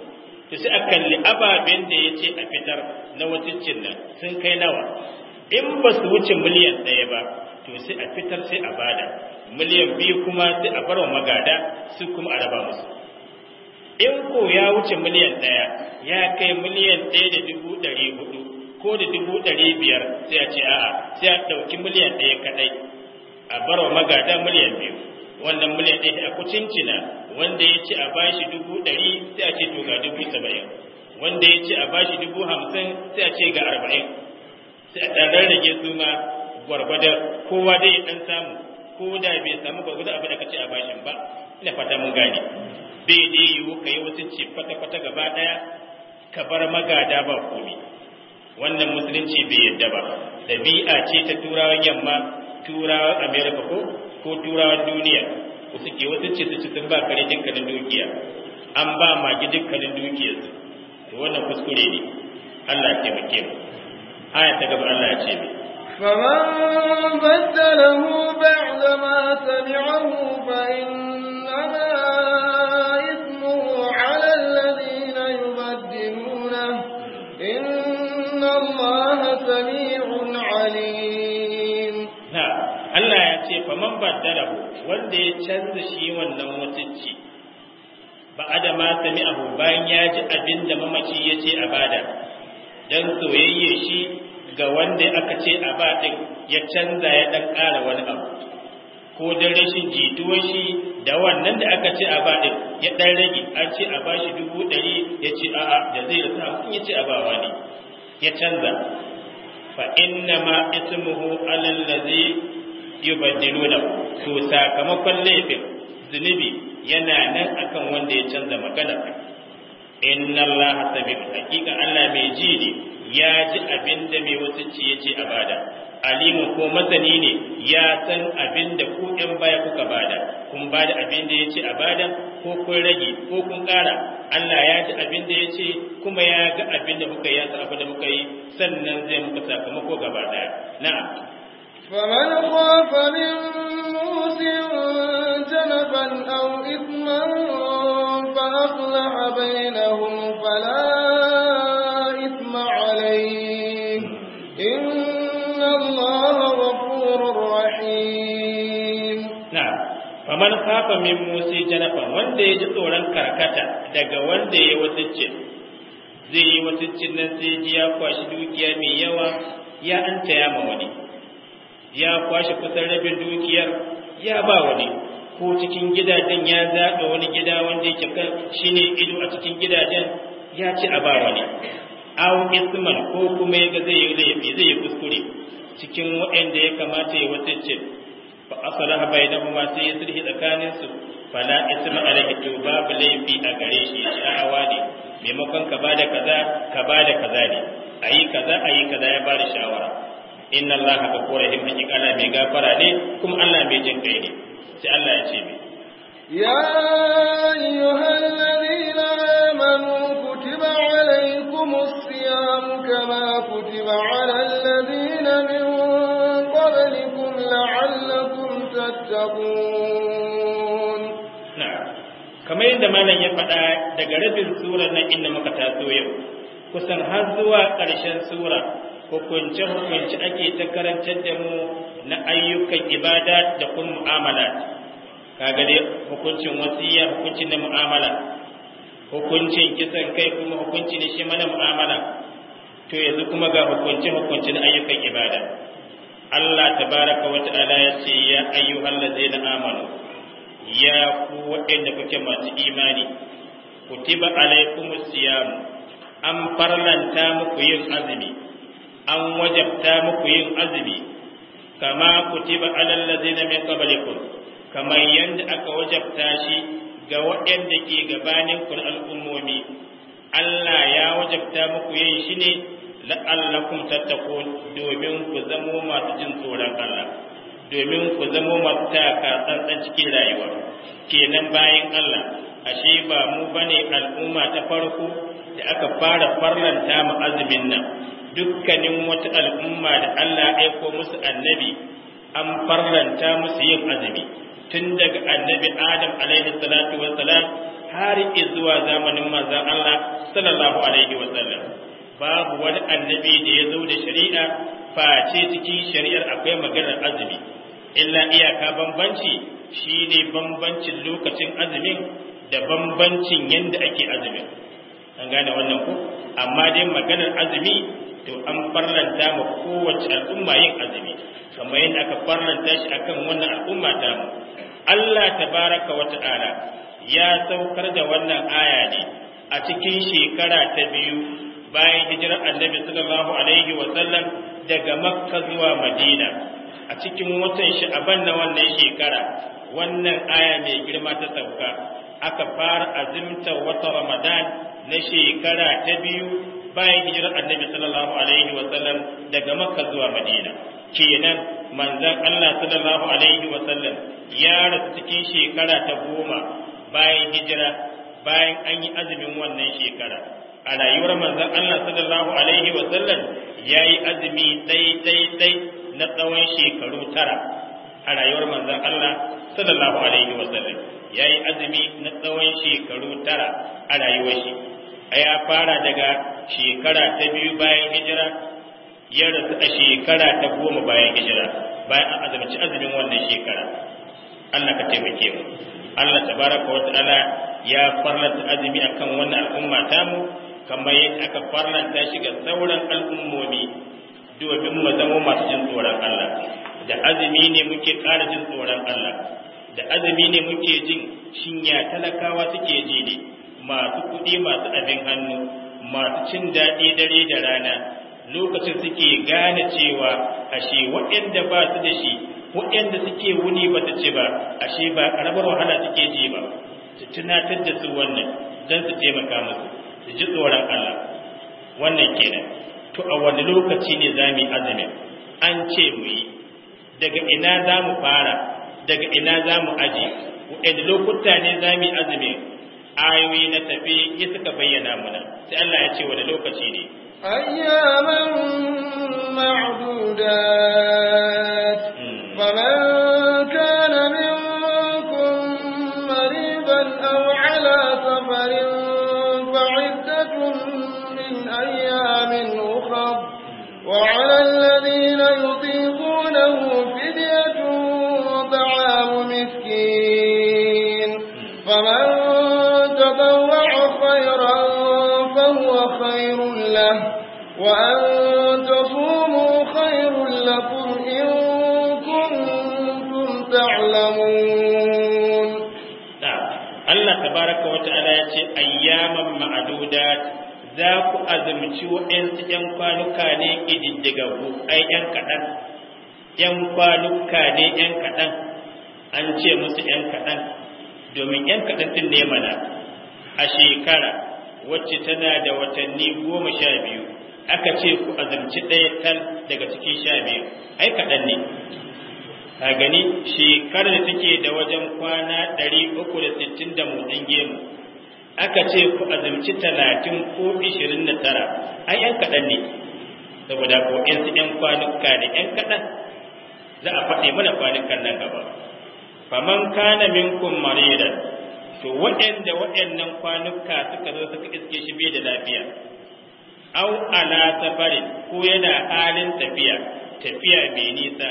to sai a kalli ababen da ya ce a fitar na wasiccin nan sun kai nawa in ba su wuce miliyan ɗaya ba to sai a fitar sai a bada miliyan biyu kuma sai a barwa magada su kuma a raba musu in ko ya wuce miliyan ɗaya ya kai miliyan ɗaya da dubu ɗari hudu ko da dubu ɗari biyar sai a ce a'a sai a ɗauki miliyan ɗaya kaɗai a wa magada miliyan biyu wannan miliyan ɗaya a kucincina wanda ya ce a bashi dubu ɗari sai a ce to ga dubu saba'in wanda ya ce a bashi dubu hamsin sai a ce ga arba'in sai a ɗan da su ma gwargwadar kowa dai ya ɗan samu ko da bai samu gwargwadar abin da ka ce a bashin ba ina fata mun gane bai dai yiwu ka yi wasu ce kwata-kwata gaba ɗaya ka bar magada ba komi wannan musulunci bai yadda ba dabi'a ce ta turawan yamma turawan america ko ko turawan duniya ku suke wasu ce su ci sun ba kare dukkanin dukiya an ba magi dukkanin dukiyarsu to wannan kuskure ne Allah ya taimake mu aya ta gaba Allah ya ce mu فمن بدله بعدما سمعه فإنما alim na Allah ya ce fa man baddalahu wanda ya canza shi wannan mutunci ba adama abu bayan ya ji abin da mamaci ya ce a bada dan soyayye shi ga wanda aka ce a ba din ya canza ya dan ƙara wani abu ko dan rashin jituwar shi da wannan da aka ce a ba din ya dan rage an ce a bashi dubu ɗari ya ce a'a da zai rasa ya ce a ba wani ya canza fa inna ma ismuhu alal ladhi yubaddiluna to sakamakon laifin zunubi yana nan akan wanda ya canza magana inna allaha hakika Allah mai ji ne ya ji abin da mai ce ya ce a bada alimu ko masani ne ya san abin da ku ɗan baya kuka bada kun bada abin da ya ce a bada ko kun rage ko kun ƙara Allah ya ji abin da ya ce kuma ya ga abin da muka yi ya abin da muka yi sannan zai muka sakamako gaba ɗaya na'am فمن خاف من موس جنفا أو إثما فأصلح بينهم فلا khafa min musi janafan wanda ya ji tsoron karkata daga wanda ya wasiccin zai yi wasiccin nan sai ji ya kwashi dukiya mai yawa ya anta ya ma wani ya kwashi kusan rabin dukiyar ya ba wani ko cikin gidajen ya zaɓa wani gida wanda yake kan shine ido a cikin gidajen ya ci a ba wani aw isman ko kuma yaga zai yi laifi zai yi kuskure cikin waɗanda ya kamata ya wasiccin fa aslaha bainahuma sai ya sulhi tsakanin su fala isma alayhi to babu laifi a gare shi sha'awa ne maimakon ka bada kaza ka bada kaza ne ayi kaza ayi kaza ya bada shawara inna allaha ghafurur rahim hakika Allah mai gafara ne kuma Allah mai jin kai ne sai Allah ya ce mai يا أيها الذين آمنوا كتب عليكم الصيام كما كتب على الذين من قبلكم لعلكم تتقون نعم كما يند مالن ya faɗa daga rabin surar nan inda muka taso yau kusan har zuwa ƙarshen sura hukunce hukunce ake ta karantar da mu na ayyukan ibada da kuma mu'amala kaga dai hukuncin wasiya hukuncin na mu'amala hukuncin kisan kai kuma hukuncin shi mana mu'amala to yanzu kuma ga hukunce hukuncin ayyukan ibada Allah tabaraka wa ta'ala ya ce ya ayyuhal ladzina amanu ya ku waɗanda kuke masu imani kutiba alaikumus siyam an farlanta muku yin azumi an wajabta muku yin azumi kama kutiba alal ladzina min qablikum kamar yadda aka wajabta shi ga waɗanda ke gabanin kun al'ummomi Allah ya wajabta muku yin shi ne la'allakum tattaqun domin ku zamo masu jin tsoron Allah domin ku zamo masu taka tsantsan cikin rayuwa kenan bayan Allah ashe ba mu bane al'umma ta farko da aka fara farlanta mu azumin nan dukkanin wata al'umma da Allah aiko musu annabi an farlanta musu yin azumi tun daga annabi Adam alaihi salatu wassalam har zuwa zamanin manzon Allah sallallahu alaihi wasallam babu wani annabi da ya zo da shari'a face cikin shari'ar akwai maganar azumi illa iyaka bambanci shine bambancin lokacin azumin da bambancin yadda ake azumin an gane wannan ku amma dai maganar azumi to an farlanta ma kowace al'umma yin azumi kamar yadda aka farlanta shi akan wannan al'umma ta mu Allah tabaraka wa ta'ala ya saukar da wannan aya ne a cikin shekara ta biyu bayan hijirar annabi sallallahu alaihi wa sallam daga makka zuwa madina a cikin watan sha'aban na wannan shekara wannan aya mai girma ta sauka aka fara azimtar wata ramadan na shekara ta biyu bayan hijirar annabi sallallahu alaihi wa sallam daga makka zuwa madina kenan manzon Allah sallallahu alaihi wa sallam ya rasu cikin shekara ta goma bayan hijira bayan an yi azumin wannan shekara a rayuwar manzan Allah sallallahu alaihi wa sallam yayi azumi dai dai dai na tsawon shekaru tara a rayuwar manzan Allah sallallahu alaihi wa sallam yayi azumi na tsawon shekaru tara a rayuwar shi ya fara daga shekara ta biyu bayan hijira ya rasu a shekara ta goma bayan hijira bayan an azumci azumin wannan shekara Allah ka taimake mu Allah tabaraka wa ta'ala ya farlata azumi akan wannan al'umma tamu kamar yadda aka farlanta shi ga sauran al'ummomi domin mu zama masu jin tsoron Allah da azumi ne muke ƙara jin tsoron Allah da azumi ne muke jin shinya talakawa suke ji ne masu kuɗi masu abin hannu masu cin daɗi dare da rana lokacin suke gane cewa ashe waɗanda ba su da shi waɗanda suke wuni ba ta ci ba ashe ba ƙaramar wahala suke ji ba su tunatar da su wannan don su taimaka musu su ji tsoron Allah wannan kenan to a wani lokaci ne za mu yi azumin an ce mu yi daga ina za mu fara daga ina za mu aji waɗanda lokuta ne za mu yi azumin ayoyi na tafi ya suka bayyana mana sai Allah ya ce wani lokaci ne ayyaman ma'dudat hmm. وعلى الذين يطيقونه فدية طعام مسكين فمن تطوع خيرا فهو خير له وأن تصوموا خير لكم إن كنتم تعلمون نعم. الله تبارك وتعالى أياما معدودات za ku azumci waɗansu ‘yan kwanuka ne ƙididdigaggu, ai ‘yan kaɗan, ‘yan kwanuka ne ‘yan kaɗan, an ce musu ‘yan kaɗan, domin ‘yan kaɗan ɗin ne mana a shekara wacce tana da watanni goma sha biyu, aka ce ku azumci ɗaya tal daga cikin sha biyu, ai kaɗan ne. A gani, shekarar da take da wajen kwana ɗari uku da sittin da motsin gemu, aka ce ku azumci talatin ko ishirin da tara ai yan kaɗan ne saboda ko yan su yan kwanuka da yan kaɗan za a faɗi mana kwanukan nan gaba faman kana minkum maridan to waɗanda waɗannan kwanuka suka zo suka iske shi bai da lafiya au ala safari ko yana halin tafiya tafiya mai nisa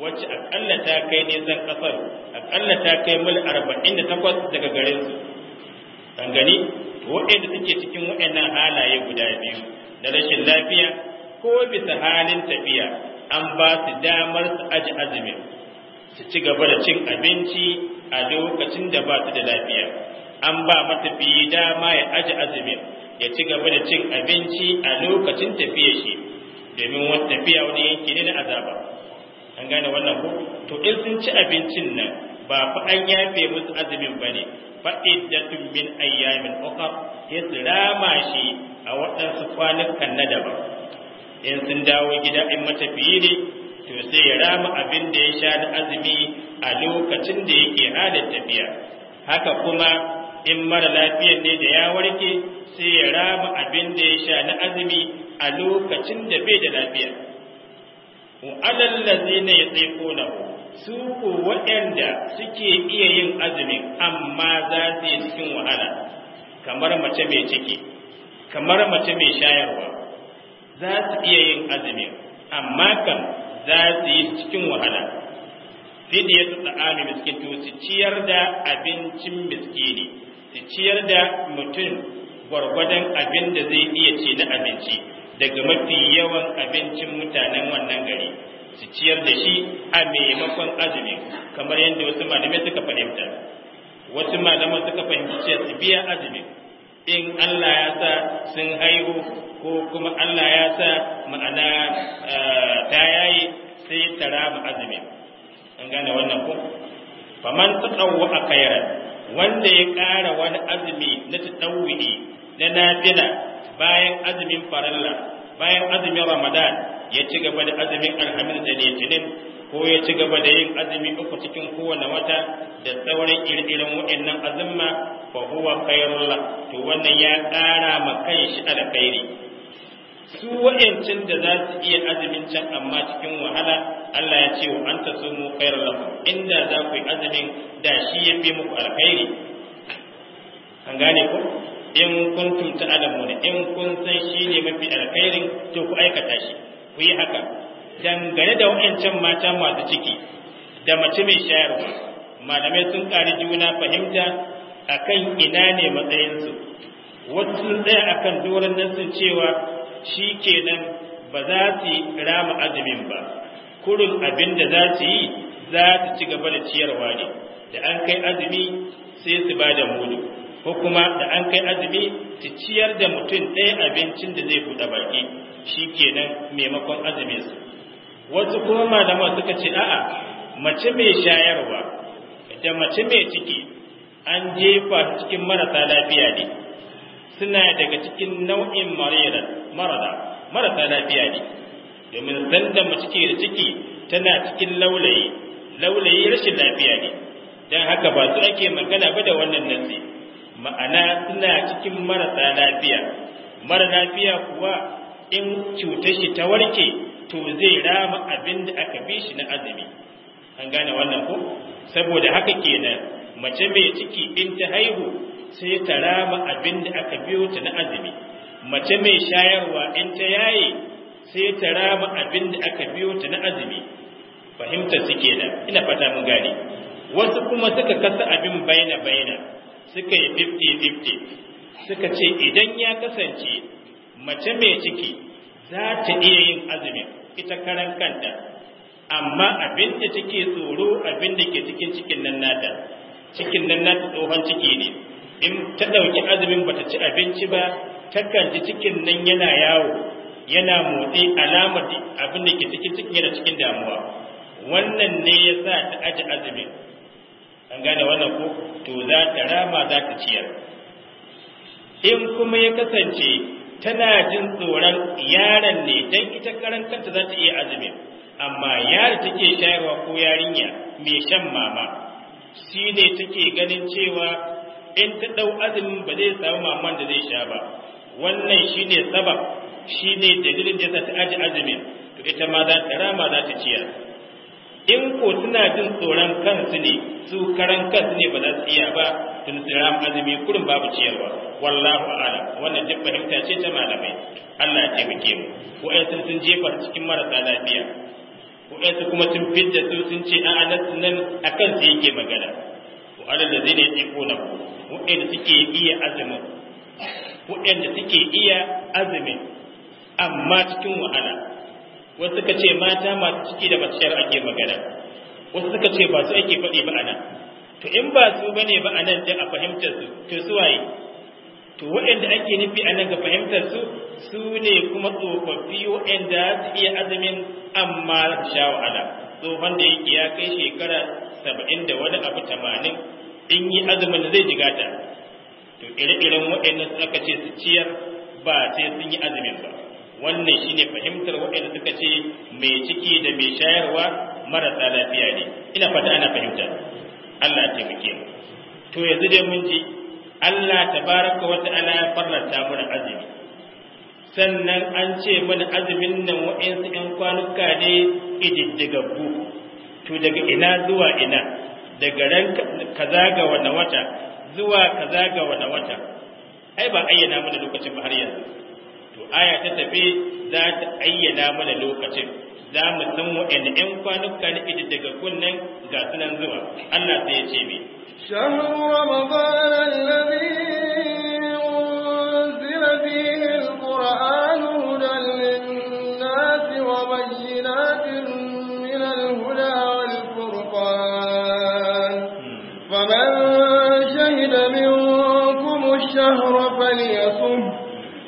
wacce akalla ta kai nisan ƙasar akalla ta kai mil arba'in da takwas daga garinsu kan gani waɗanda suke cikin waɗannan halaye guda biyu na rashin lafiya ko bisa halin tafiya an ba su damar su aji azumin su ci gaba da cin abinci a lokacin da ba su da lafiya an ba matafiyi dama ya aji azumin ya ci gaba da cin abinci a lokacin tafiya shi domin wata tafiya wani yanki ne na azaba an gane wannan ko to in sun ci abincin nan ba fa an yafe musu azumin ba ne fa'iddatun min ayyamin ukhra ya tsirama shi a waɗansu kwanukan na daban in sun dawo gida in matafiyi ne to sai ya rama abin da ya sha na azumi a lokacin da yake halin tafiya haka kuma in mara lafiyar ne da ya warke sai ya rama abin da ya sha na azumi a lokacin da bai da lafiya wa alal na yutiqunahu su ko waɗanda suke iya yin azumin amma za su yi cikin wahala kamar mace mai ciki kamar mace mai shayarwa za su iya yin azumin amma kam za su yi cikin wahala fidiyatu ta'ami miskito su ciyar da abincin miskini su ciyar da mutum gwargwadon abin da zai iya ce na abinci daga mafi yawan abincin mutanen wannan gari su ciyar da shi a maimakon azumi kamar yadda wasu malamai suka fahimta wasu malamai suka fahimci cewa su biya azumi in Allah ya sa sun haihu ko kuma Allah ya sa ma'ana eh, ta yayi sai ta rama azumi an gane wannan ko faman tatawwa a khairan wanda ya ƙara wani azumi na tatawwi na nafila bayan azumin faralla bayan azumin ramadan ya ci gaba da azumin alhamis da litinin ko ya ci gaba da yin azumi uku cikin kowane wata da sauran irin iren waɗannan azumma fa huwa khairul to wannan ya ƙara ma kanshi alkhairi su wa'ancin da za su iya azumin can amma cikin wahala Allah ya ce wa an ta sumu khairul inda za ku yi azumin da shi ya fi muku alkhairi an gane ko in kuntum ta'lamuna in kun san shi ne mafi alkhairin to ku aikata shi ku yi haka dangane da wa'ancan mata masu ciki da mace mai shayarwa malamai sun ƙari juna fahimta akan ina ne matsayinsu wasu sun tsaya akan doron nan sun cewa shi kenan ba za su yi rama azumin ba kurin abin da za su yi za su ci gaba da ciyarwa ne da an kai azumi sai su ba da mudu ko kuma da an kai azumi su ciyar da mutum ɗaya abincin da zai buɗe baki shi kenan maimakon azumin su wasu kuma malaman suka ce a'a mace mai shayarwa da mace mai ciki an jefa cikin marasa lafiya ne suna daga cikin nau'in marada marasa lafiya ne domin sanda mace ke da ciki tana cikin laulayi laulayi rashin lafiya ne don haka ba su ake magana ba da wannan nasi ma'ana suna cikin marasa lafiya mara lafiya kuwa in cutar shi ta warke to zai rama abin da aka bi shi na azumi an gane wannan ko saboda haka kenan mace mai ciki in ta haihu sai ta rama abin da aka biyo ta na azumi mace mai shayarwa in ta yaye sai ta rama abin da aka biyo ta na azumi fahimtar su kenan ina fata mun gane wasu kuma suka kasa abin baina baina suka yi fifty-fifty suka ce idan ya kasance mace mai ciki za ta iya yin azumin ita karan kanta amma abin da take tsoro abin da ke cikin cikin nan nata cikin nan nata tsohon ciki ne in ta ɗauki azumin bata ci abinci ba takan ji cikin nan yana yawo yana motsi alamar abin da ke cikin cikin yana cikin damuwa wannan ne ya sa ta aji azumin an gane wannan ko to za ta rama za ta ciyar in kuma ya kasance tana jin tsoron yaron ne dan ita karan kanta za ta iya azumin amma yari take shayarwa ko yarinya mai shan mama shi ne take ganin cewa in ta dau azumin ba zai samu maman da zai sha ba wannan shine sabab shine dalilin da ya ta aji azumin to ita ma za ta rama za ta ciyar in ko suna jin tsoron kansu ne su karan kansu ne ba za su iya ba tun su azumi kurin babu ciyarwa wallahu a'lam wannan duk fahimta ce ta malamai Allah ya taimake mu ai sun jefa cikin marasa lafiya su kuma sun fidda su sun ce a'a nan akan su yake magana alal ladina yaquluna da suke iya ai da suke iya azumin amma cikin wahala wasu suka ce mata masu ciki da shayar ake magana wasu suka ce ba su ake faɗi ba nan. to in ba su bane ba nan din a fahimtar su to su waye to waɗanda ake nufi a nan ga fahimtar su su ne kuma tsofaffi waɗanda su iya azumin amma sha wahala tsohon da yake ya kai shekara saba'in da wani abu tamanin in yi azumin zai jigata to ire-iren waɗanda aka ce su ciyar ba sai sun yi azumin ba wannan shine fahimtar waɗanda suka ce mai ciki da mai shayarwa marasa lafiya ne ina fata ana fahimta Allah ya taimake mu to yanzu dai mun ji Allah tabaraka wa ta'ala ya farlanta mana azumi sannan an ce mana azumin nan wa'ansu ɗan kwanuka ne ididdigaggu to daga ina zuwa ina daga ran kaza ga wani wata zuwa kaza ga wani wata ai ba ayyana mana lokacin ba har yanzu to aya ta tafi za ta ayyana mana lokacin za mu san waɗanne ‘yan kwanuka na daga kunnen ga sunan zuwa Allah sai ya ce mai شهر رمضان الذي أنزل فيه القرآن هدى للناس وبينات من الهدى والفرقان فمن شهد منكم الشهر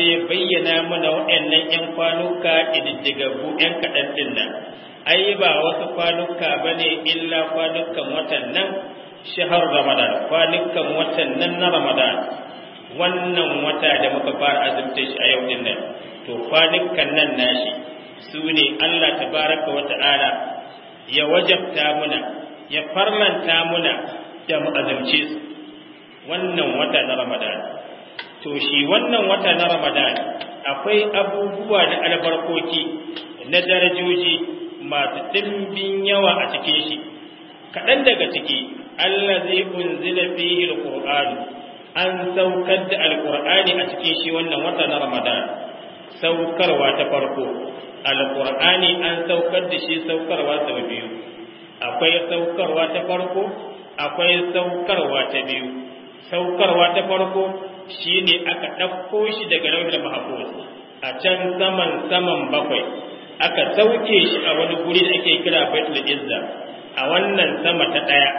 zo ya bayyana mana waɗannan 'yan kwanuka ididdigaggu 'yan kaɗan ɗin nan ai ba wasu kwanuka ba ne illa kwanukan watan nan shahar ramadan kwanukan watan nan na ramadan wannan wata da muka fara azumta shi a yau ɗin nan to kwanukan nan nashi su ne allah tabaraka wa ta'ala ya wajabta muna ya farlanta muna da mu azumce su wannan wata na ramadan to shi wannan wata na Ramadan akwai abubuwa da albarkoki na darajoji masu ɗimbin yawa a cikin shi kaɗan daga ciki Allah zai unzila fihi alqur'an an saukar da alqur'ani a cikin shi wannan wata na Ramadan saukarwa ta farko alqur'ani an saukar da shi saukarwa sau biyu akwai saukarwa ta farko akwai saukarwa ta biyu saukarwa ta farko Shi ne aka ɗauko shi daga lauhin mahfuz a can saman saman bakwai aka sauke shi a wani guri da ake kira Baitul Izza a wannan sama ta ɗaya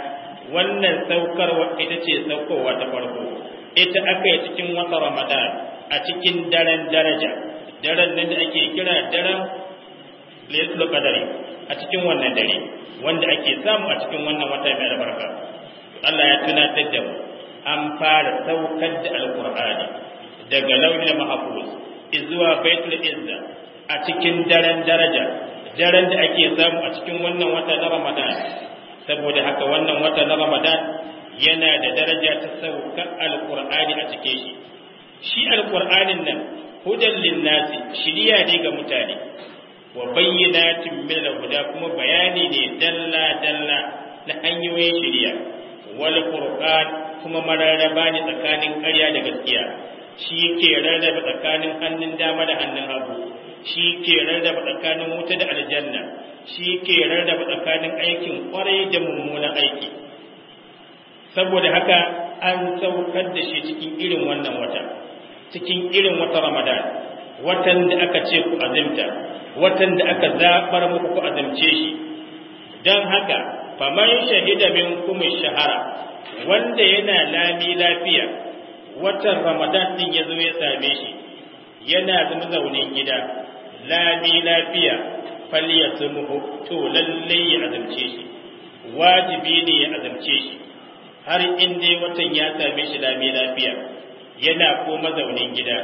wannan saukarwa ita ce saukowa ta farko ita aka yi cikin wata Ramadan a cikin daren daraja daren nan da ake kira daren Lailatul Qadari a cikin wannan dare wanda ake samu a cikin wannan wata mai albarka Allah ya tuna da mu an fara saukar da alkur'ani daga launin mahafuz zuwa baitul izza a cikin daren daraja daren da ake samu a cikin wannan wata na ramadan saboda haka wannan wata na ramadan yana da daraja ta saukar alkur'ani a cikin shi shi alkur'anin nan hudan linnasi shiriya ne ga mutane wa bayyana min huda kuma bayani ne dalla dalla na hanyoyin shirya. wal furqan kuma mararraba ne tsakanin ƙarya da gaskiya shi yake rarraba tsakanin hannun dama da hannun hagu shi ke rarraba tsakanin wuta da aljanna shi ke rarraba tsakanin aikin kwarai da mummunan aiki saboda haka an saukar da shi cikin irin wannan wata cikin irin wata ramadan watan da aka ce ku azimta watan da aka zabar muku ku azimce shi don haka faman shahida min kuma shahara wanda yana lami lafiya watan ramadan din ya zo ya same shi yana zama zaunin gida lami lafiya falyasumhu to lallai ya azumce shi wajibi ne ya azumce shi har in dai watan ya same shi lami lafiya yana ko mazaunin gida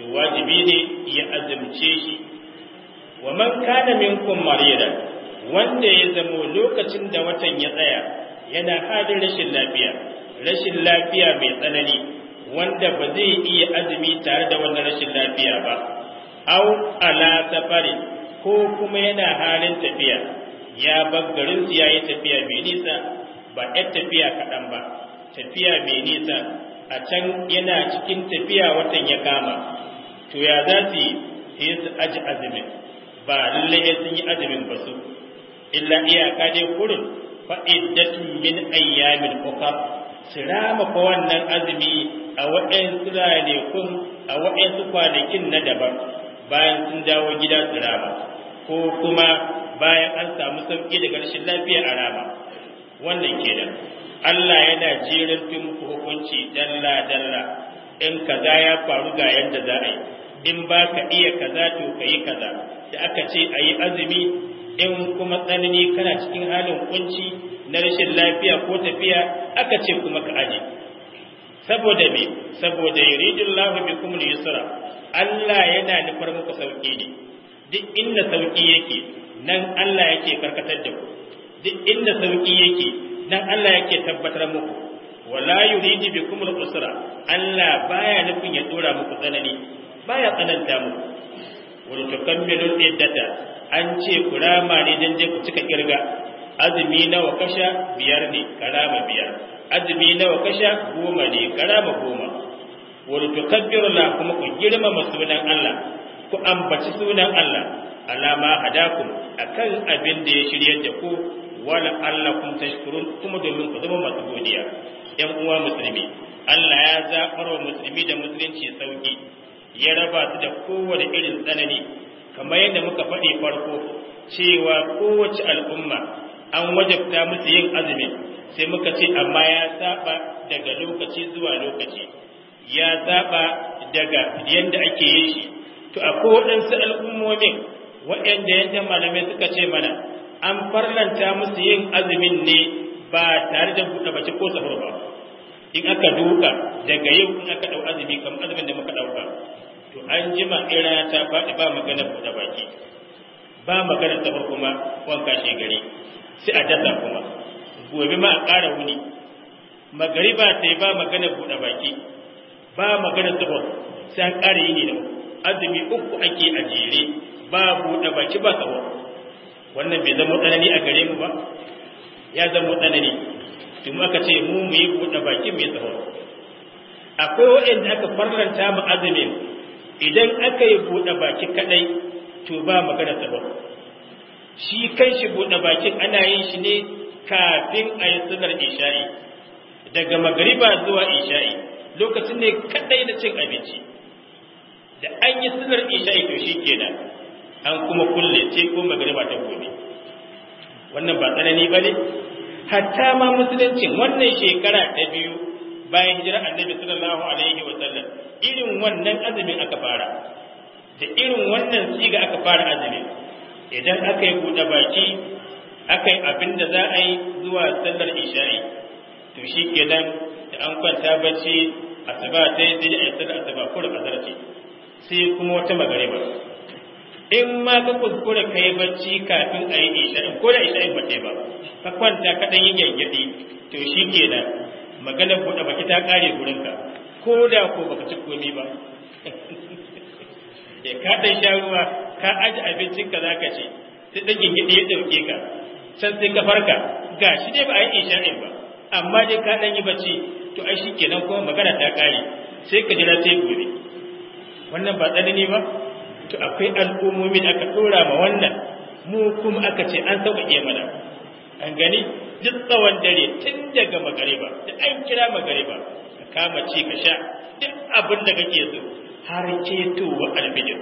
to wajibi ne ya azumce shi wa man kana minkum maridan wanda ya zamo lokacin da watan ya tsaya yana halin rashin lafiya rashin lafiya mai tsanani wanda ba zai iya azumi tare da wannan rashin lafiya ba au ala safari ko kuma yana halin tafiya ya bar garinsu ya yi tafiya mai nisa ba ɗan tafiya kaɗan ba tafiya mai nisa a can yana cikin tafiya watan ya kama to ya za su yi su aji azumin ba lallai sun yi azumin ba su illa iyaka dai kurin fa'iddatun min ayyamin ukhra sirama fa wannan azumi a waɗansu a waɗansu kwanakin na daban bayan sun dawo gida rama, ko kuma bayan an samu sauƙi daga rashin lafiya a rama wannan kenan Allah yana jerin muku hukunci dalla dalla in kaza ya faru ga yadda za a yi in ba ka iya kaza to ka yi kaza da aka ce a yi azumi in kuma tsanani kana cikin halin kunci na rashin lafiya ko tafiya aka ce kuma ka aje saboda me saboda yuridullahu bikum al-yusra Allah yana nufar muku sauki ne duk inda sauki yake nan Allah yake karkatar da ku duk inda sauki yake nan Allah yake tabbatar muku wala yuridu bikum al-usra Allah baya nufin ya dora muku tsanani baya tsananta muku ولتكملوا العدة an ce ku rama ne dan je ku cika kirga azumi nawa kasha biyar ne karama biyar azumi nawa kasha goma ne karama goma wa tukabbiru la kuma ku girmama sunan Allah ku ambaci sunan Allah alama hadakum akan abin da ya shirya da ku wala allakum tashkurun kuma domin ku zama masu godiya yan uwa musulmi Allah ya zaɓar wa musulmi da musulunci sauki ya raba su da kowane irin tsanani kamar yadda muka faɗi farko cewa kowace al'umma an wajabta musu yin azumi sai muka ce amma ya saba daga lokaci zuwa lokaci ya saba daga yadda ake yi shi to a kowaɗansu al'ummomin waɗanda yadda malamai suka ce mana an farlanta musu yin azumin ne ba tare da buɗe bace ko sahur ba in aka duka daga yau in aka ɗau azumi kamar azumin da muka ɗauka to an jima ira ta faɗi ba magana buɗe baki ba magana ta kuma wanka shi gari sai a dasa kuma gobe ma a ƙara wuni magariba ta yi ba magana buɗe baki ba magana zubar sai an ƙara yi ne azumi uku ake a jere ba buɗe baki ba tsawo wannan bai zama tsanani a gare mu ba ya zama tsanani tun aka ce mu mu yi buɗe baki mai tsawo akwai da aka farlanta mu azumin idan aka yi buɗe baki kaɗai to ba magana ta ba shi kan shi buɗe bakin ana yin shi ne kafin a yi sunar isha'i daga magariba zuwa isha'i lokacin ne kaɗai na cin abinci da an yi sunar isha'i to shi kenan an kuma kulle ce ko magariba ta gobe wannan ba tsanani ba ne hatta ma musulunci wannan shekara ta biyu bayan hijira annabi sallallahu alaihi wa sallam irin wannan azumin aka fara da irin wannan siga aka fara azumin idan aka yi buɗe baki aka yi abin da za a yi zuwa sallar isha'i to shi nan da an kwanta bacci asuba ta yi zai a yi sallar asuba kurin azarci sai kuma wata magariba in ma ka kuskure ka yi bacci kafin a yi isha'i ko da isha'i ba ta ba ka kwanta kaɗan yi gyangyaɗi to shi ke nan maganar buɗe baki ta ƙare gurinka ko da ko baka ci komai ba ya eh, ka ɗan sha ruwa ka aji abincin ka zaka ce sai dan gingide ya ɗauke ka san sai ka farka ga shi dai ba a yi isha'in ba amma dai ka dan yi bacci to ai shi kenan kuma magana ta kare sai ka jira sai gobe wannan ba tsanani ba to akwai al'ummomi da aka dora ma wannan mu kuma aka ce an sauƙaƙe mana an gani duk tsawon dare tun daga magariba da an kira magariba kama ci ka sha duk abin da kake so har wa albijin.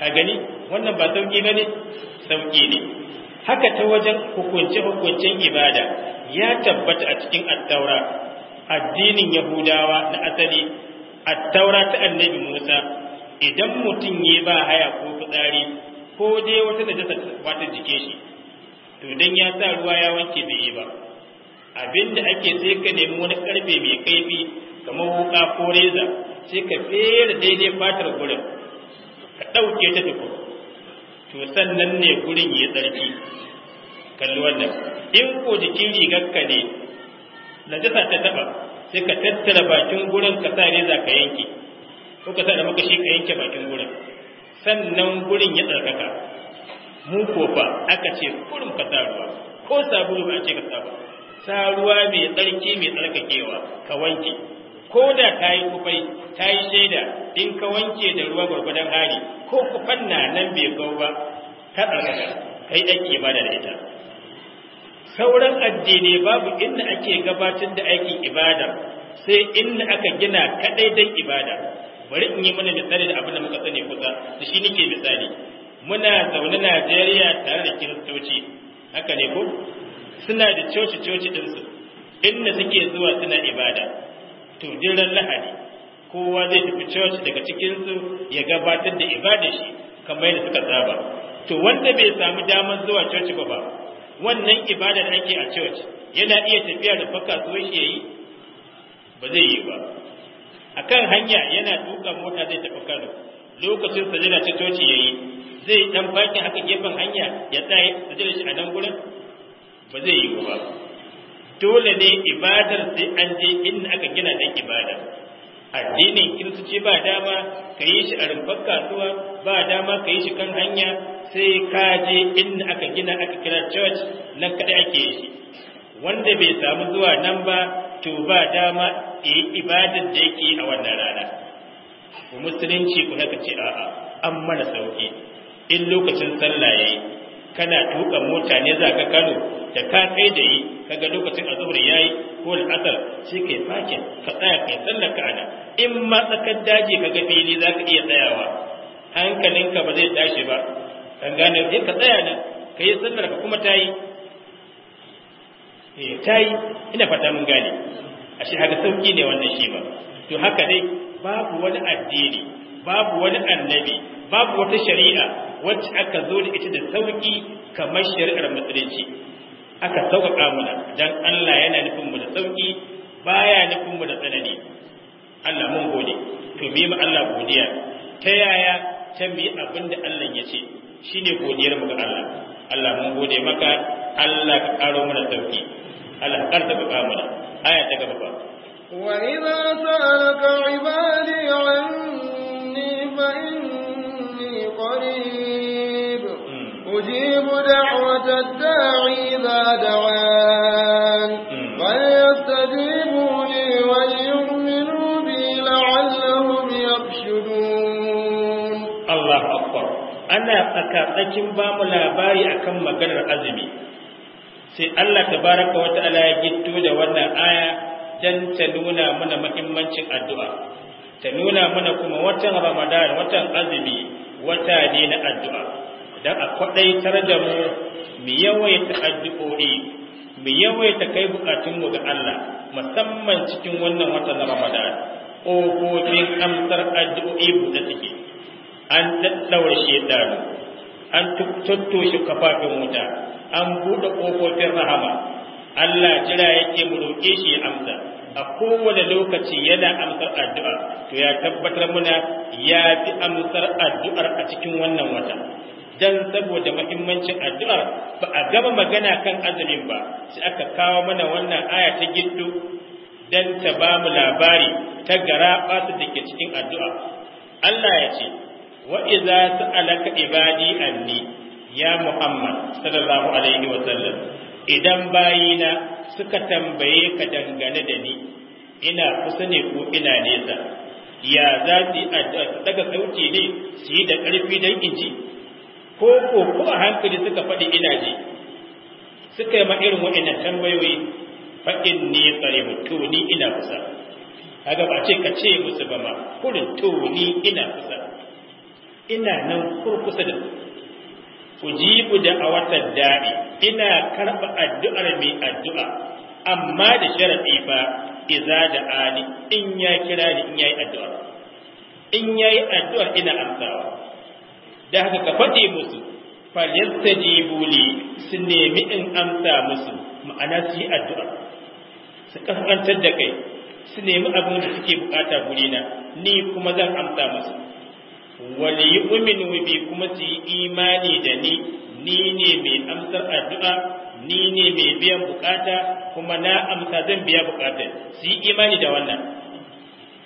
a gani wannan ba sauki ba ne sauki ne haka ta wajen hukunce-hukuncen ibada ya tabbata a cikin attaura addinin yahudawa na asali attaura ta annabi musa idan mutum ya ba haya ko fitsari ko dai wata najasa wata jike shi to dan ya sa ruwa ya wanke bai yi ba abinda ake sai ka nemi wani karfe mai kaifi kamar wuka ko reza sai ka fere daidai fatar gurin ka ɗauke ta tukur to sannan ne gurin ya tsarki kalli wannan in ko jikin rigarka ne na jasa ta taba sai ka tattara bakin gurin ka sa reza ka yanke ko ka sa da makashi ka yanke bakin gurin sannan gurin ya tsarkaka mu ko fa aka ce kurin ka sa ruwa ko sabulu ba a ce ka sa sa ruwa mai tsarki mai tsarkakewa ka wanke ko da ka yi kufai tayi yi shaida in ka wanke da ruwa gwargwadon hari ko kufan na nan bai kau ba ta tsarkaka kai ake bada da ita sauran addini babu inda ake gabatar da aikin ibada sai inda aka gina kadai don ibada bari in yi mana misali da abin da muka sani kusa da shi nake misali muna zaune Najeriya tare da kiristoci haka ne ko suna da coci coci ɗinsu inda suke zuwa suna ibada to jiran lahadi kowa zai tafi coci daga cikinsu ya gabatar da ibada shi kamar yadda suka saba to wanda bai samu damar zuwa coci ba ba wannan ibada da ake a coci yana iya tafiya da faka so shi yi, ba zai yi ba A kan hanya yana tuka mota zai tafi Kano lokacin sajada ta coci yi, zai dan baki haka gefen hanya ya tsaye sajada shi a nan gurin ba zai yi ba dole ne ibadar sai an je in aka gina dan ibada addinin kiristoci ba dama ka yi shi a rumfar kasuwa ba dama ka yi shi kan hanya sai ka je in aka gina aka kira church nan kada ake yi shi wanda bai samu zuwa nan ba to ba dama yi ibadar da yake a wannan rana musulunci ku naka ce a'a an mana sauki in lokacin sallah yayi kana tuka mota ne za ka Kano da ka kai da yi kaga lokacin azhur yayi ko al'asar shi ke fakin ka tsaya kai sallaka ana in ma tsakar daji kaga fili zaka iya tsayawa hankalinka ba zai tashi ba kan gane sai ka tsaya nan kai sallar ka kuma tayi eh tayi ina fata mun gane ashe haka sauki ne wannan shi ba to haka dai babu wani addini babu wani annabi babu wata shari'a wacce aka zo da ita da sauki kamar shari'ar musulunci aka sauƙaƙa muna dan Allah yana nufin mu da sauƙi baya nufin mu da tsanani Allah mun gode to mu Allah godiya ta yaya can bi abin da Allah ya ce shine godiyar mu ga Allah Allah mun gode maka Allah ka karo mana sauƙi Allah ka karta mana aya ta gaba ba وإذا سألك عبادي يجيب دعوة الداع إذا دعان فليستجيبوا لي وليؤمنوا بي لعلهم يرشدون الله أكبر أنا أكاكين بام labari akan maganar azumi sai Allah tabaraka wa ta'ala ya gitto da wannan aya dan ta nuna mana muhimmancin addu'a ta nuna mana kuma watan Ramadan watan azumi wata ne na addu'a Idan a kwadaitar da mu mu yawaita addu'o'i mu yawaita kai bukatun mu ga Allah musamman cikin wannan watan Ramadan ƙofofin amsar addu'o'i buɗe take an daddawar shedanu an tattoshe kafafin wuta an buɗe ƙofofin rahama Allah jira yake mu roƙe shi ya amsa a kowane lokaci yana amsar addu'a to ya tabbatar muna ya fi amsar addu'ar a cikin wannan wata dan saboda mahimmancin addu'a, ba a gama magana kan azumin ba sai aka kawo mana wannan aya ta giddu dan ta ba mu labari ta gara basu da dake cikin addu'a Allah ya ce wa idza sa'alaka ibadi anni ya Muhammad sallallahu alaihi wa sallam idan bayina suka tambaye ka dangane da ni ina kusa ne ko ina nesa ya za su daga sauti ne su yi da ƙarfi don in ko ko ko a hankali suka faɗi ina ji suka yi ma irin wa'annan tambayoyi faɗin ne tsare to ni ina kusa kaga ba ce ka ce musu ba ma kurin to ni ina kusa ina nan kurkusa da ku ji ku da a watan daɗi ina karɓa addu'ar mai addu'a amma da sharaɗi ba iza da ali in ya kira ni in yayi addu'a in yayi addu'ar ina amsawa da haka ka faɗe musu falyastajibu li su nemi in amsa musu ma'ana su yi addu'a su kafantar da kai su nemi abin da suke bukata gurina ni kuma zan amsa musu wal yu'minu bi kuma su yi imani da ni ni ne mai amsar addu'a ni ne mai biyan bukata kuma na amsa zan biya bukata su yi imani da wannan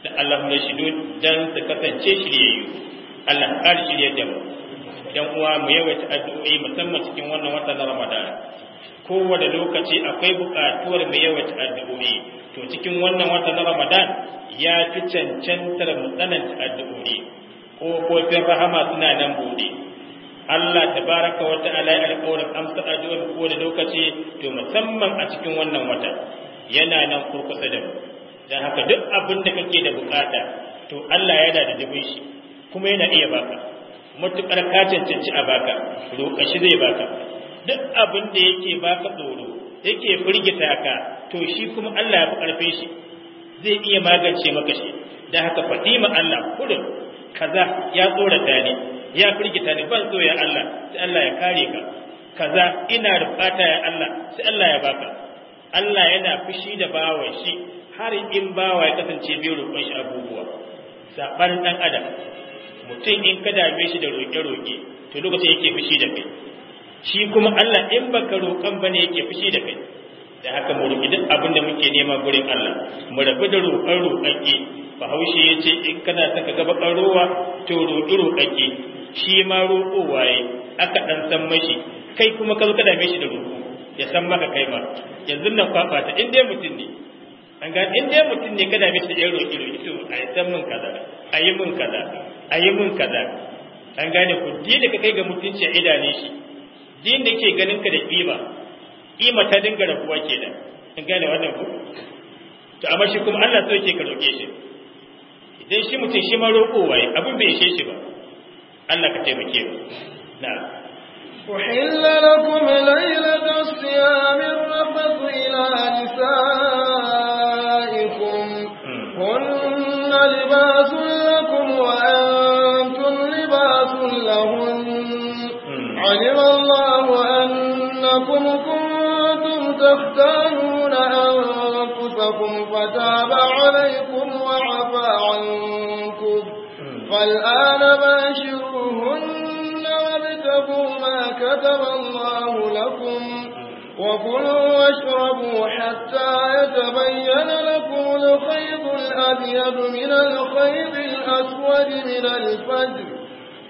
da Allah mai shidun don su kasance shiryayyu Allah ka kare shi da mu dan uwa mu yawaita addu'o'i musamman cikin wannan watan na Ramadan kowane lokaci akwai buƙatuwar mu yawaita addu'o'i to cikin wannan watan na Ramadan ya fi cancantar mu tsananta addu'o'i kofofin rahama suna nan bude Allah tabaraka wa ta'ala ya alƙawarin amsa addu'ar kowane lokaci to musamman a cikin wannan wata yana nan kurkusa da mu dan haka duk abin da kake da buƙata, to Allah yana da dubin shi kuma yana iya baka matuƙar ka cancanci a baka roƙa shi zai baka duk abin da yake baka tsoro yake firgita ka to shi kuma Allah ya fi ƙarfe shi zai iya magance maka shi da haka Fatima Allah kullum kaza ya tsorata ne ya firgita ne ban ya Allah sai Allah ya kare ka kaza ina da ya Allah sai Allah ya baka Allah yana fushi da bawa shi har in bawa ya kasance bai roƙon shi abubuwa zaɓar ɗan adam mutum in ka dame shi da roƙe-roƙe to lokacin yake fushi da kai shi kuma Allah in baka roƙan bane yake fushi da kai da haka mu roƙi duk abin da muke nema gurin Allah mu rabu da roƙan roƙaƙe bahaushe ya ce in kana saka gaba rowa to roƙi roƙaƙe shi ma roƙo waye aka ɗan san mashi kai kuma ka zo ka dame shi da roƙo ya san maka kai ma yanzu nan kwafa ta in dai mutum ne an ga in dai mutum ne ka dame shi da roƙi roƙi to a san min kaza a yi min kaza a yi mun kaza an gane ku din da ka kai ga mutunci a idane shi din da ke ganin ka da kima kima ta dinga rabuwa ke da an gane wannan ku to amma shi kuma Allah so yake ka roke shi idan shi mutum shi ma roƙo waye abin bai ishe shi ba Allah ka taimake mu na'am أحل لكم ليلة الصيام الرفث إلى نسائكم hmm. هن لباس لكم وأنتم علم الله أنكم كنتم تختارون أنفسكم فتاب عليكم وعفى عنكم فالآن باشروهن وابتغوا ما كتب الله لكم وكلوا واشربوا حتى يتبين لكم الخيط الأبيض من الخيط الأسود من الفجر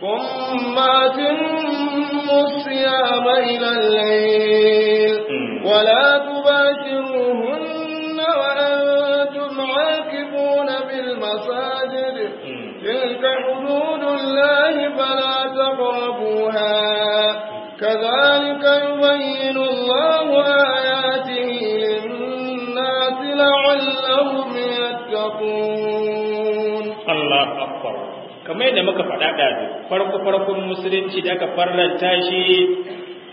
ثم أتموا الصيام إلى الليل ولا تباشروهن وأنتم عاكفون بالمساجد تلك حدود الله فلا تقربوها كذلك يبين الله آياته للناس لعلهم يتقون الله kamar yadda muka faɗa ɗazu farko farkon musulunci da aka faranta shi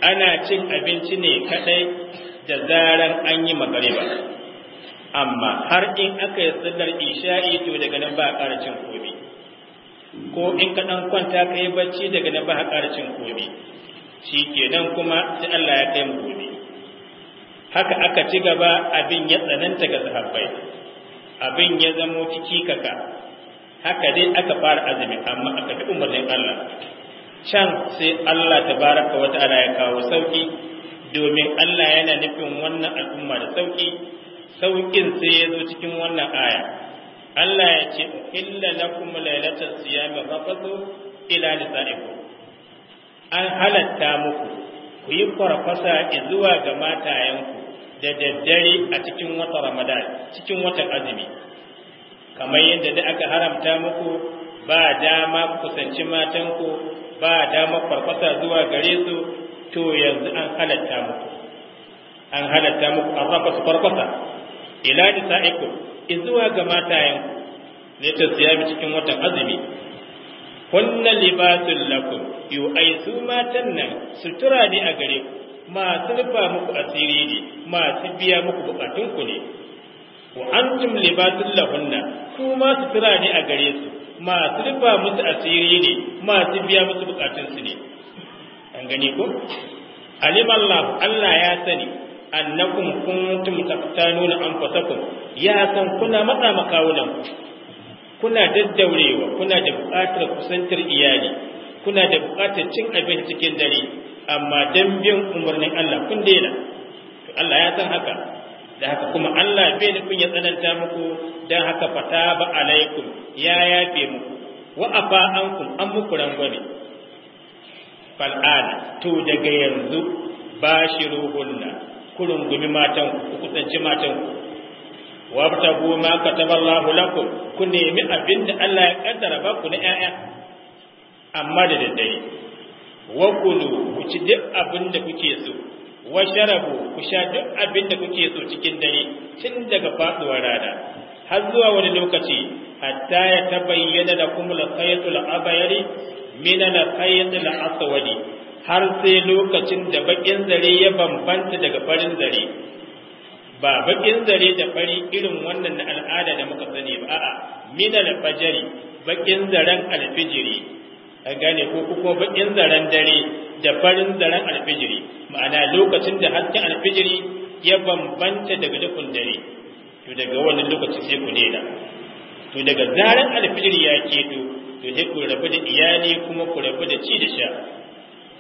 ana cin abinci ne kaɗai da zaran an yi magariba amma har in aka yi tsallar isha'i to daga nan ba a ƙara cin komi ko in ka ɗan kwanta ka yi bacci daga nan ba a ƙara cin komi shi ke nan kuma sai Allah ya kai mu gobe haka aka ci gaba abin ya tsananta ga sahabbai abin ya zamo ciki kaka haka dai aka fara azumi amma aka fi umarnin Allah can sai Allah ta baraka wata ala ya kawo sauki domin Allah yana nufin wannan al'umma da sauki saukin sai ya zo cikin wannan aya Allah ya ce illa lakum lailatul siyam rafathu ila nisaikum an halatta muku ku yi farfasa zuwa ga matayenku da daddare a cikin wata ramadan cikin watan azumi kamar yadda da aka haramta muku ba dama ku kusanci matanku ba dama farfasa zuwa gare su to yanzu an halatta muku an halatta muku an rafa su farfasa ila nisa'ikum zuwa ga matayenku ne ta siya cikin watan azumi kunna libasul lakum yu ai su matan nan sutura ne a gare ku masu sulfa muku asiri ne masu biya muku bukatun ku ne wa antum libatul lahunna ku ma kira ne a gare su masu rufa musu asiri ne masu biya musu bukatun su ne an gani ko alim Allah Allah ya sani annakum kuntum taftanuna anfusakum ya san kuna matsa makawunan kuna daddaurewa kuna da bukatar kusantar iyali kuna da bukatar cin abinci cikin dare amma dan bin umarnin Allah kun daina Allah ya san haka da haka kuma Allah bai nufin ya tsananta muku dan haka fata ba alaikum ya yafe muku wa afa kun an muku rangwame fal'ana to daga yanzu bashiruhunna ku rungumi matan ku kusanci matan ku wabtagu ma kataballahu lakum ku nemi abinda Allah ya kaddara ba ku na 'ya'ya amma da daddare wa kulu ku ci duk abin da kuke so wa sharabu ku sha duk abin da kuke so cikin dare tun daga faduwar rana har zuwa wani lokaci hatta ya tabayyana da kuma khaytul abyadi min al aswadi har sai lokacin da bakin zare ya bambanta daga farin zare ba bakin zare da fari irin wannan al'ada da muka sani ba a'a min al fajri bakin zaren alfijiri Ka gane ko kuma bakin zaren dare da farin zaren alfijiri ma'ana lokacin da hakkin alfijiri ya bambanta daga dukkan dare to daga wannan lokacin sai ku nena to daga zaren alfijiri ya keto to sai ku rabu da iyali kuma ku rabu da ci da sha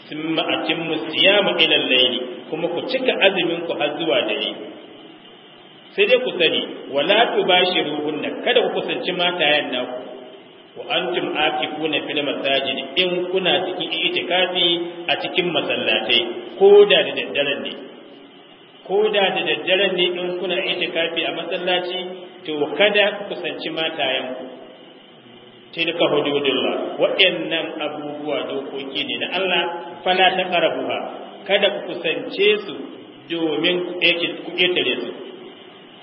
sun ma'atin musiyama ilan laili kuma ku cika azumin ku har zuwa dare sai dai ku sani wala tubashiruhunna kada ku kusanci matayen naku wa antum akifuna fil masajid in kuna cikin itikafi a cikin masallatai ko da da daddaren ne ko da da daddaren ne in kuna itikafi a masallaci to kada ku kusanci matayen ku tilka hududullah wa'annan abubuwa dokoki ne na Allah fala taqrabuha kada ku kusance su domin ku ƙetare su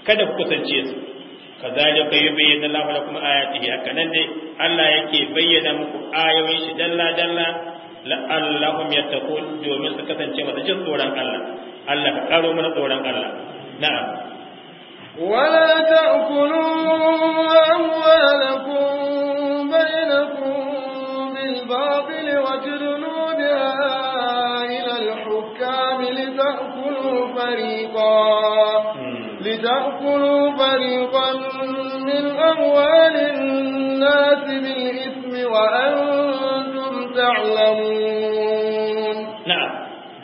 kada ku kusance su kazalika yubayyinu Allahu lakum ayatihi akanan dai Allah yake bayyana muku ayoyin shi dalla dalla la'allahum yattaqun domin su kasance masu jin tsoron Allah Allah ka karo mana tsoron Allah na'am ولا تأكلوا أموالكم بينكم بالباطل وتدلوا بها إلى الحكام لتأكلوا فريقا لتأكلوا فريقا من أموال الناس بالإثم وأنتم تعلمون نعم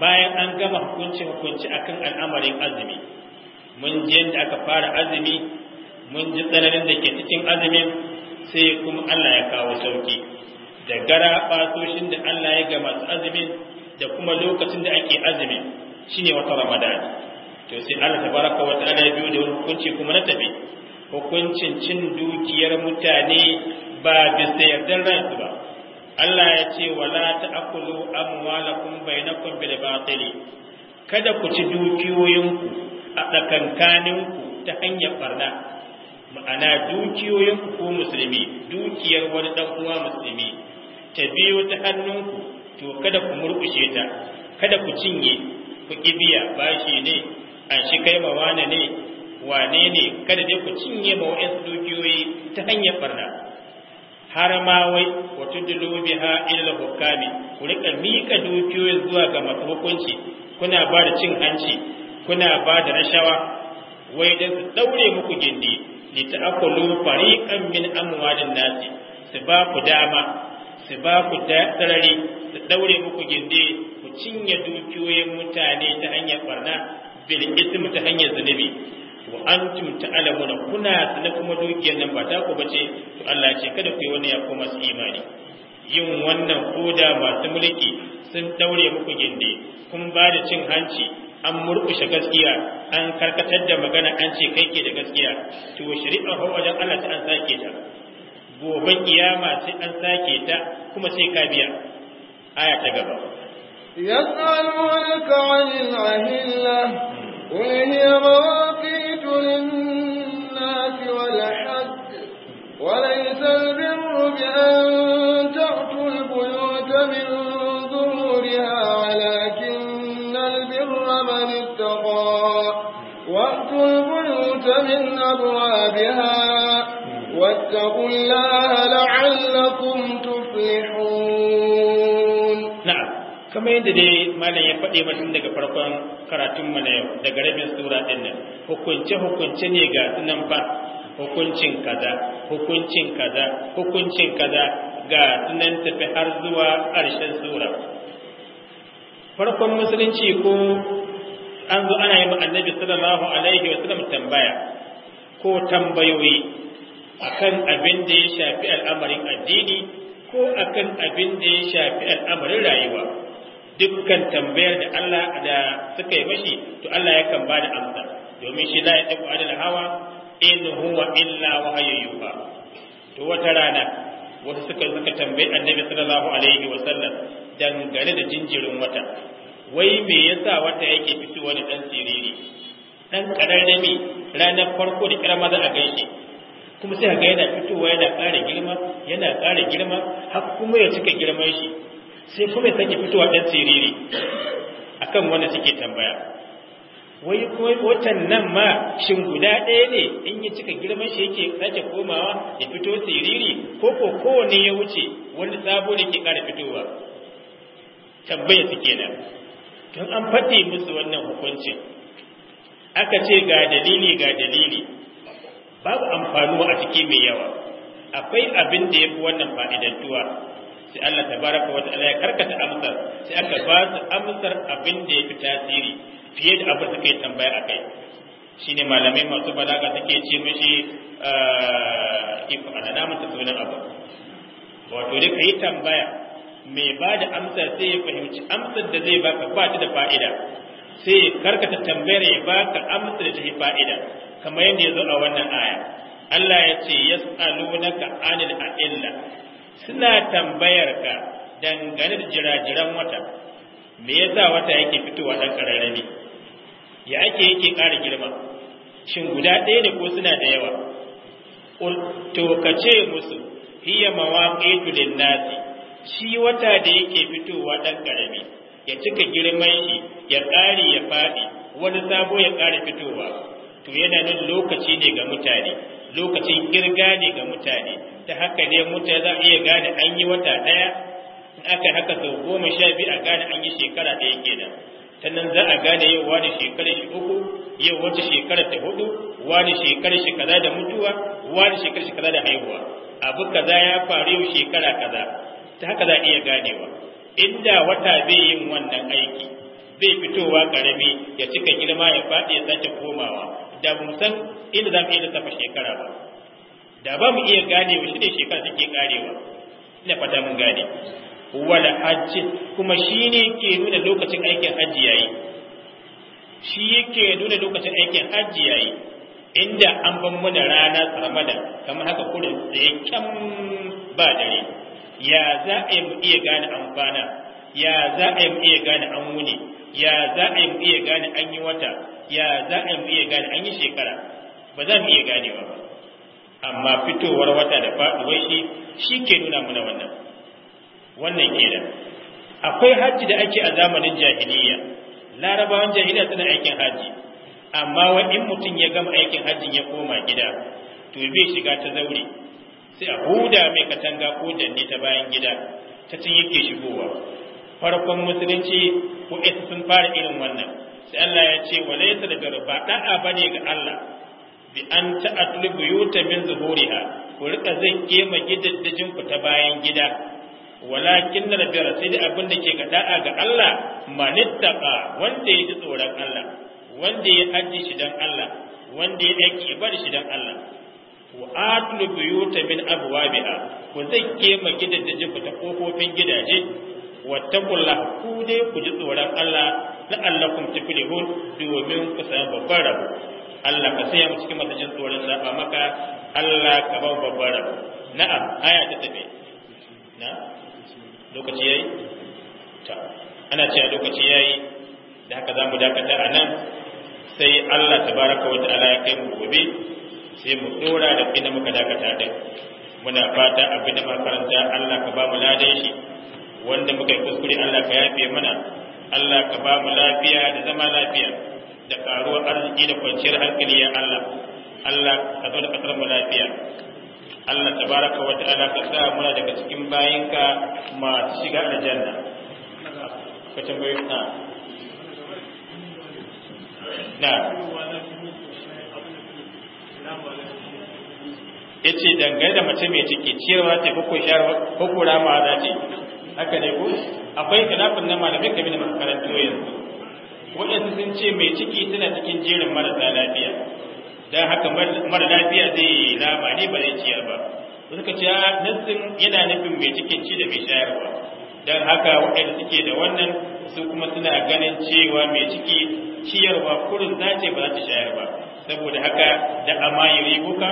bayan an gama hukunci-hukunci akan al'amarin azumi mun ji yadda aka fara azumi mun ji tsananin da ke cikin azumin sai kuma Allah ya kawo sauki da gara basoshin da Allah ya ga masu azumin da kuma lokacin da ake azumin shine wata ramadani to sai Allah tabaraka wa ta'ala ya biyo da hukunci kuma na tafi hukuncin cin dukiyar mutane ba bisa yardar ransu ba Allah ya ce wala ta'kulu amwalakum bainakum bil batili kada ku ci dukiyoyinku a tsakankaninku ta hanyar barna ma'ana dukiyoyinku ko musulmi dukiyar wani dan uwa musulmi ta biyo ta hannunku to kada ku murkushe ta kada ku cinye ku kibiya bashi ne a shi kai ba wane ne wane ne kada dai ku cinye wa'in su dukiyoyi ta hanyar barna har ma wai wa dulubi ha illa hukami ku rika mika dukiyoyi zuwa ga masu hukunci kuna ba da cin hanci kuna ba da rashawa wai dai su daure muku gindi li ta'akulu fariqan min amwalin nasi su ba ku dama su ba ku tsarari su daure muku gindi ku cinye dukiyoyin mutane ta hanyar barna bil ism ta hanyar zunubi wa antum ta'lamuna kuna sanin kuma dukiyar nan ba ta ku bace to Allah ce kada ku yi wannan ya koma su imani yin wannan koda masu mulki sun daure muku gindi kun ba da cin hanci an murkushe gaskiya an karkatar da magana an ce kai ke da gaskiya to shari'a ko wajen Allah ta an sake ta gobe kiyama sai an sake ta kuma sai ka biya aya ta gaba يسألونك عن العهلة قل هي مواقيت للناس والحج وليس البر بأن تأتوا البيوت من ظهورها ولكن البر من اتقى وأتوا البيوت من أبوابها واتقوا الله لعلكم kamar yadda dai malam ya faɗe masu daga farkon karatun mana yau daga rabin sura ɗin nan hukunce hukunce ne ga sunan fa hukuncin kaza hukuncin kaza hukuncin kaza ga sunan tafi har zuwa ƙarshen sura farkon musulunci ko an zo ana yi ma annabi sallallahu alaihi wa sallam tambaya ko tambayoyi akan abin da ya shafi al'amarin addini ko akan abin da ya shafi al'amarin rayuwa dukkan tambayar da Allah da suka yi mashi to Allah ya kan bada amsa domin shi la yaqu adal hawa in huwa illa wahyuha to wata rana wasu suka suka tambayi annabi sallallahu alaihi wa sallam dangane da jinjirin wata wai me yasa wata yake fitowa da dan siriri dan kararrami ranar farko da kirma za a gaishe kuma sai ga yana fitowa yana ƙara girma yana ƙara girma har kuma ya cika girman shi sai kuma ya sake fitowa ɗan siriri akan wanda suke tambaya wai watan nan ma shin guda ɗaya ne in ya cika girman shi yake sake komawa ya fito siriri ko ko kowane ya wuce wani sabo da ke ƙara fitowa tambaya su kenan don an faɗi musu wannan hukuncin aka ce ga dalili ga dalili babu amfanuwa a ciki mai yawa akwai abin da ya fi wannan fa'idantuwa sai Allah tabaraka wa ta'ala ya karkata amsar sai aka ba su amsar abin da ya fi tasiri fiye da abin da kai tambaya a Shi shine malamai masu balaga take ce mishi ana namun ta sunan abu wato dai kai tambaya mai ba da amsar sai ya fahimci amsar da zai baka ba ta da fa'ida sai ya karkata tambayar ya baka amsar da ta yi fa'ida kamar yadda ya zo a wannan aya Allah ya ce yas'alunaka anil a'illa suna tambayar ka dangane da jirajiran wata me yasa wata yake fitowa dan ya ake yake ƙara girma shin guda ɗaya ne ko suna da yawa to ka ce musu hiya mawaqitu lin-nasi shi wata da yake fitowa dan ya cika girman shi ya ƙare ya faɗi wani sabo ya ƙara fitowa to yana nan lokaci ne ga mutane lokacin kirga ne ga mutane ta haka ne mutane za a iya gane an yi wata ɗaya in aka haka sau goma sha biyu a gane an yi shekara ɗaya kenan nan za a gane yau wani shekara shi uku yau wata shekara ta hudu wani shekara shi kaza da mutuwa wani shekara shi kaza da haihuwa abu kaza ya faru yau shekara kaza ta haka za a iya ganewa inda wata bai yin wannan aiki zai fitowa karami ya cika girma ya faɗi ya sake komawa da mu san inda za mu iya lissafa shekara ba da ba mu iya gane wa shi ne shekara take karewa ina fata mun gane wala hajji kuma shi ne ke nuna lokacin aikin hajji yayi shi yake nuna lokacin aikin hajji yayi inda an ban mana rana tsarmada kamar haka kudin tsaye kyan ba dare ya za a yi mu iya gane amfana ya za a yi mu iya gane an wuni ya za a yi iya gane an yi wata ya za a mu iya gane an yi shekara ba za mu iya ganewa ba amma fitowar wata da faɗuwar shi shi ke nuna muna wannan wannan kenan akwai hajji da ake a zamanin jahiliya larabawan jahiliya suna aikin hajji amma wa in mutum ya gama aikin hajjin ya koma gida to bai shiga ta zaure sai a huda mai katanga ko danne ta bayan gida ta cin yake shigowa farkon musulunci kuɗe sun fara irin wannan sai Allah ya ce wa laysa da garba da'a bane ga Allah bi an ta'atlu buyuta min zuhuriha ku rika zai kema gidaddajin ku ta bayan gida walakin na rabira sai da abin da ke ga da'a ga Allah manittaka wanda ya ji tsoron Allah wanda ya aji shi dan Allah wanda ya aiki bar shi dan Allah wa atlu buyuta min abwabiha ku zai kema gidaddajin ku ta kofofin gidaje wattaqullah ku dai ku ji tsoron Allah allakum tuflihun domin ku san babbar rabu Allah ka saya mu cikin matajin jin tsoron saba maka Allah ka ba babbar rabu na'am aya ta tafi na lokaci yayi ta ana cewa lokaci yayi da haka zamu dakata a nan sai Allah tabaraka wa ta'ala ya kai mu gobe sai mu tsora da kina muka dakata din muna fata abin da makaranta Allah ka ba mu ladan shi wanda muka yi kuskure Allah ka yafe mana Allah ka ba mu lafiya da zama lafiya da karuwar arziki da kwanciyar hankali ya Allah Allah ka zo da kasar mu lafiya Allah tabaraka wa ta'ala ka sa muna daga cikin bayinka masu shiga aljanna ka tambaye na na ya ce dangane da mace mai ciki ciyarwa ce ko kurama za ce haka ne ko akwai kalafin na malamai bi da makarantu yanzu waɗansu sun ce mai ciki tana cikin jerin marasa lafiya don haka mara lafiya zai lama ne ba zai ciyar ba suka ce nassin yana nufin mai cikin ci da mai shayarwa don haka waɗanda suke da wannan su kuma suna ganin cewa mai ciki ciyarwa kurin za ce ba za ta shayar ba saboda haka da amma yi kuka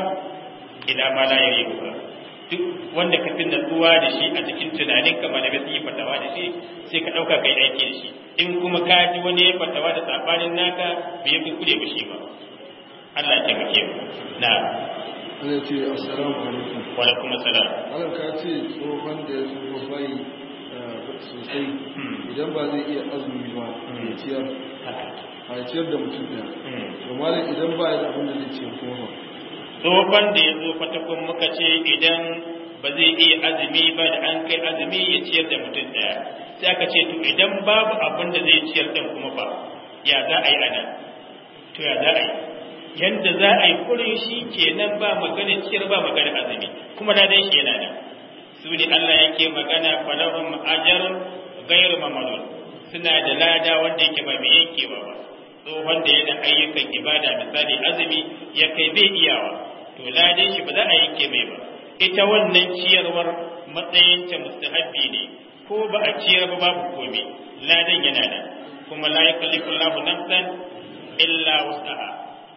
ila ma la yi kuka duk wanda ka fi natsuwa da shi a cikin tunanin ka malamai sun yi fatawa da shi sai ka ɗauka kai aiki da shi in kuma ka ji wani ya fatawa da sabanin naka bai yi kure ba shi ba Allah ya taimake mu na ya ce assalamu alaikum wa alaikum assalam malam ka ce tsohon da ya tsoho bai eh, sosai hmm. idan ba zai iya azumi ba hmm. ya ciyar a ciyar da mutum ɗaya hmm. to malam idan ba ya da abin da zai ciyar kuma tsofan da ya zo fatakun muka ce idan ba zai iya azumi ba da an kai azumi ya ciyar da mutum daya sai aka ce to idan babu abin da zai ciyar da kuma ba ya za a yi ana to ya za a yi yanda za a yi kurin shi kenan ba magana ciyar ba magana azumi kuma da dai shi yana nan su ne Allah yake magana falahum ajar ghairu mamnun suna da lada wanda yake ba mai yankewa ba tsohon da yana ayyukan ibada misali azumi ya kai bai iyawa to ladan shi ba za a yanke mai ba ita wannan ciyarwar matsayinta mustahabbi ne ko ba a ciyar ba babu komai ladan yana nan kuma la yukallifu Allahu nafsan illa wusaha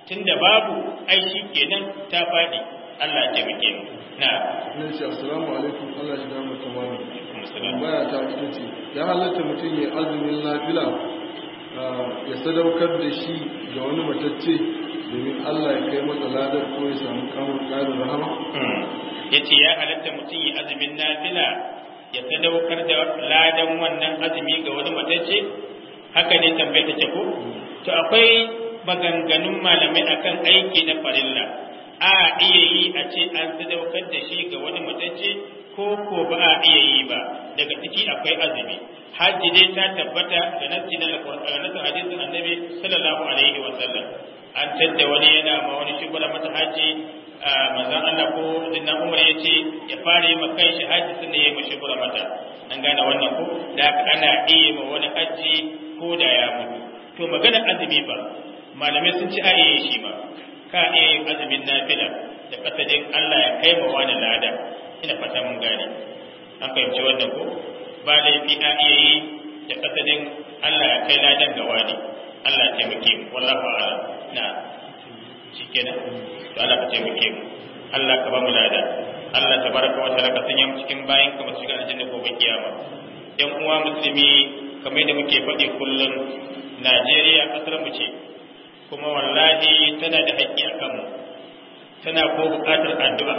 tunda babu ai kenan ta fadi Allah ya taimake mu na insha assalamu alaikum Allah ya damu tamamu baya ta ita ya halatta mutum ya azumin lafila ah, ya sadaukar da shi ga wani matacce domin Allah ya kai masa ladar ko ya samu kamar ƙarin rahama hmm. ya ce ya halatta mutum ya azumin nafila ya sadaukar da ladan wannan azumi ga wani matacce haka ne tambayar ta ko to akwai maganganun malamai akan aiki na farilla a iya yi a ce an sadaukar da shi ga wani matacce ko ko ba a iya yi ba daga ciki akwai azumi hajji dai ta tabbata da nasi na hadisin annabi sallallahu alaihi wa sallam an tadda wani yana ma wani shi mata haji a mazan Allah ko dinnan Umar ya ce ya fara yi maka shi haji sun da ya yi mashi gwada mata an gane wannan ko da ana iya ma wani haji ko da ya mutu to magana azumi ba malamai sun ci a iya shi ba ka iya yin azumin nafila da kasadin Allah ya kai ma wani lada ina fata mun gane an fahimci wannan ko ba laifi a iya yi da kasadin Allah ya kai ladan ga wani Allah ya taimake wallahu a'lam na shikenan to Allah ka taimake mu Allah ka ba mu lada Allah tabaraka wa ta'ala ka sanya mu cikin bayin ka mu shiga aljanna gobe kiyama ɗan uwa musulmi kamar da muke faɗi kullum Najeriya kasar mu ce kuma wallahi tana da haƙƙi a kanmu tana ko buƙatar addu'a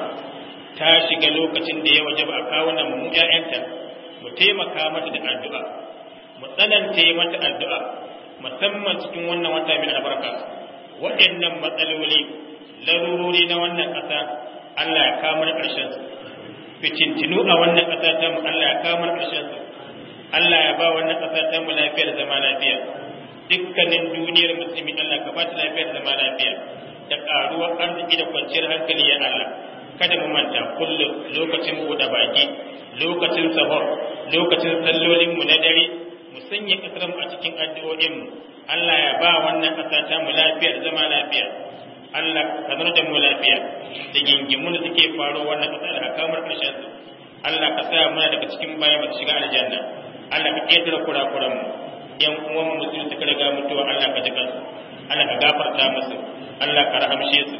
ta shiga lokacin da ya waje ba, a kawunan mu ƴaƴanta mu taimaka mata da addu'a mu tsananta mata addu'a musamman cikin wannan wata mai albarka waɗannan matsaloli larurori na wannan ƙasa Allah ya kamar ƙarshen su fitintinu a wannan ƙasa ta mu Allah ya kamar ƙarshen su Allah ya ba wannan ƙasa ta mu lafiyar zama lafiya dukkanin duniyar musulmi Allah ka ba ta lafiyar zama lafiya da ƙaruwar arziki da kwanciyar hankali ya Allah kada mu manta kullum lokacin buɗe baki lokacin sahur lokacin sallolin mu na dare mu sanya kasar a cikin addu'o'in Allah ya ba wannan kasa ta mu lafiya da zama lafiya Allah ka zama da mu lafiya da gingimun da suke faro wannan kasa da hakamar karshen su Allah ka sa muna daga cikin baya mu shiga aljanna Allah ka ƙetare kurakuran mu yan uwan mu musulmi suka riga mutuwa Allah ka jika su Allah ka gafarta musu Allah ka rahamshe su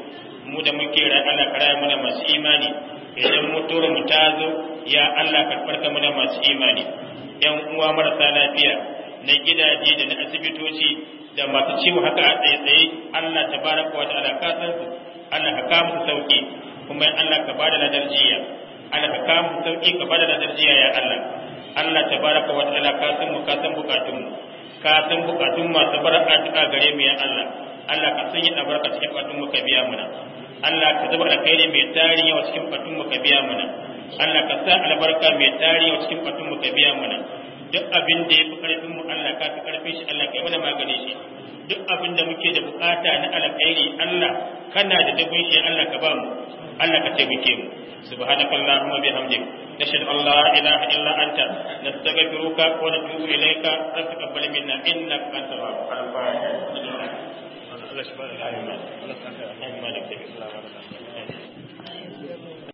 mu da muke rai Allah ka raya mana masu imani idan mutuwar mu ta zo ya Allah ka farka mana masu imani yan uwa marasa lafiya na gidaje da na asibitoci da masu ciwo haka a tsaye tsaye Allah ta wa kowa da san su Allah ka su sauki kuma Allah ka bada ladar jiya Allah ka kama su sauki ka bada ladar jiya ya Allah Allah ta wa kowa da san mu ka san bukatun mu ka san bukatun masu baraka ta gare mu ya Allah Allah ka sanya albarka cikin bukatun mu ka biya mana Allah ka zuba alkhairi mai tarihi a cikin bukatun mu ka biya mana Allah ka sa albarka mai tarewa cikin fatun mu ka biya mana duk abin da ya fi karfin mu Allah ka fi karfin shi Allah ka yi mana maganin shi duk abin da muke da bukata na alkhairi Allah kana da dabin shi Allah ka ba mu Allah ka taimake mu subhanakallahumma bihamdik nashhadu an la ilaha illa anta nastaghfiruka wa natubu ilayka taqabbal minna innaka antal wahhab al-fatiha Allah subhanahu wa ta'ala Allah ta'ala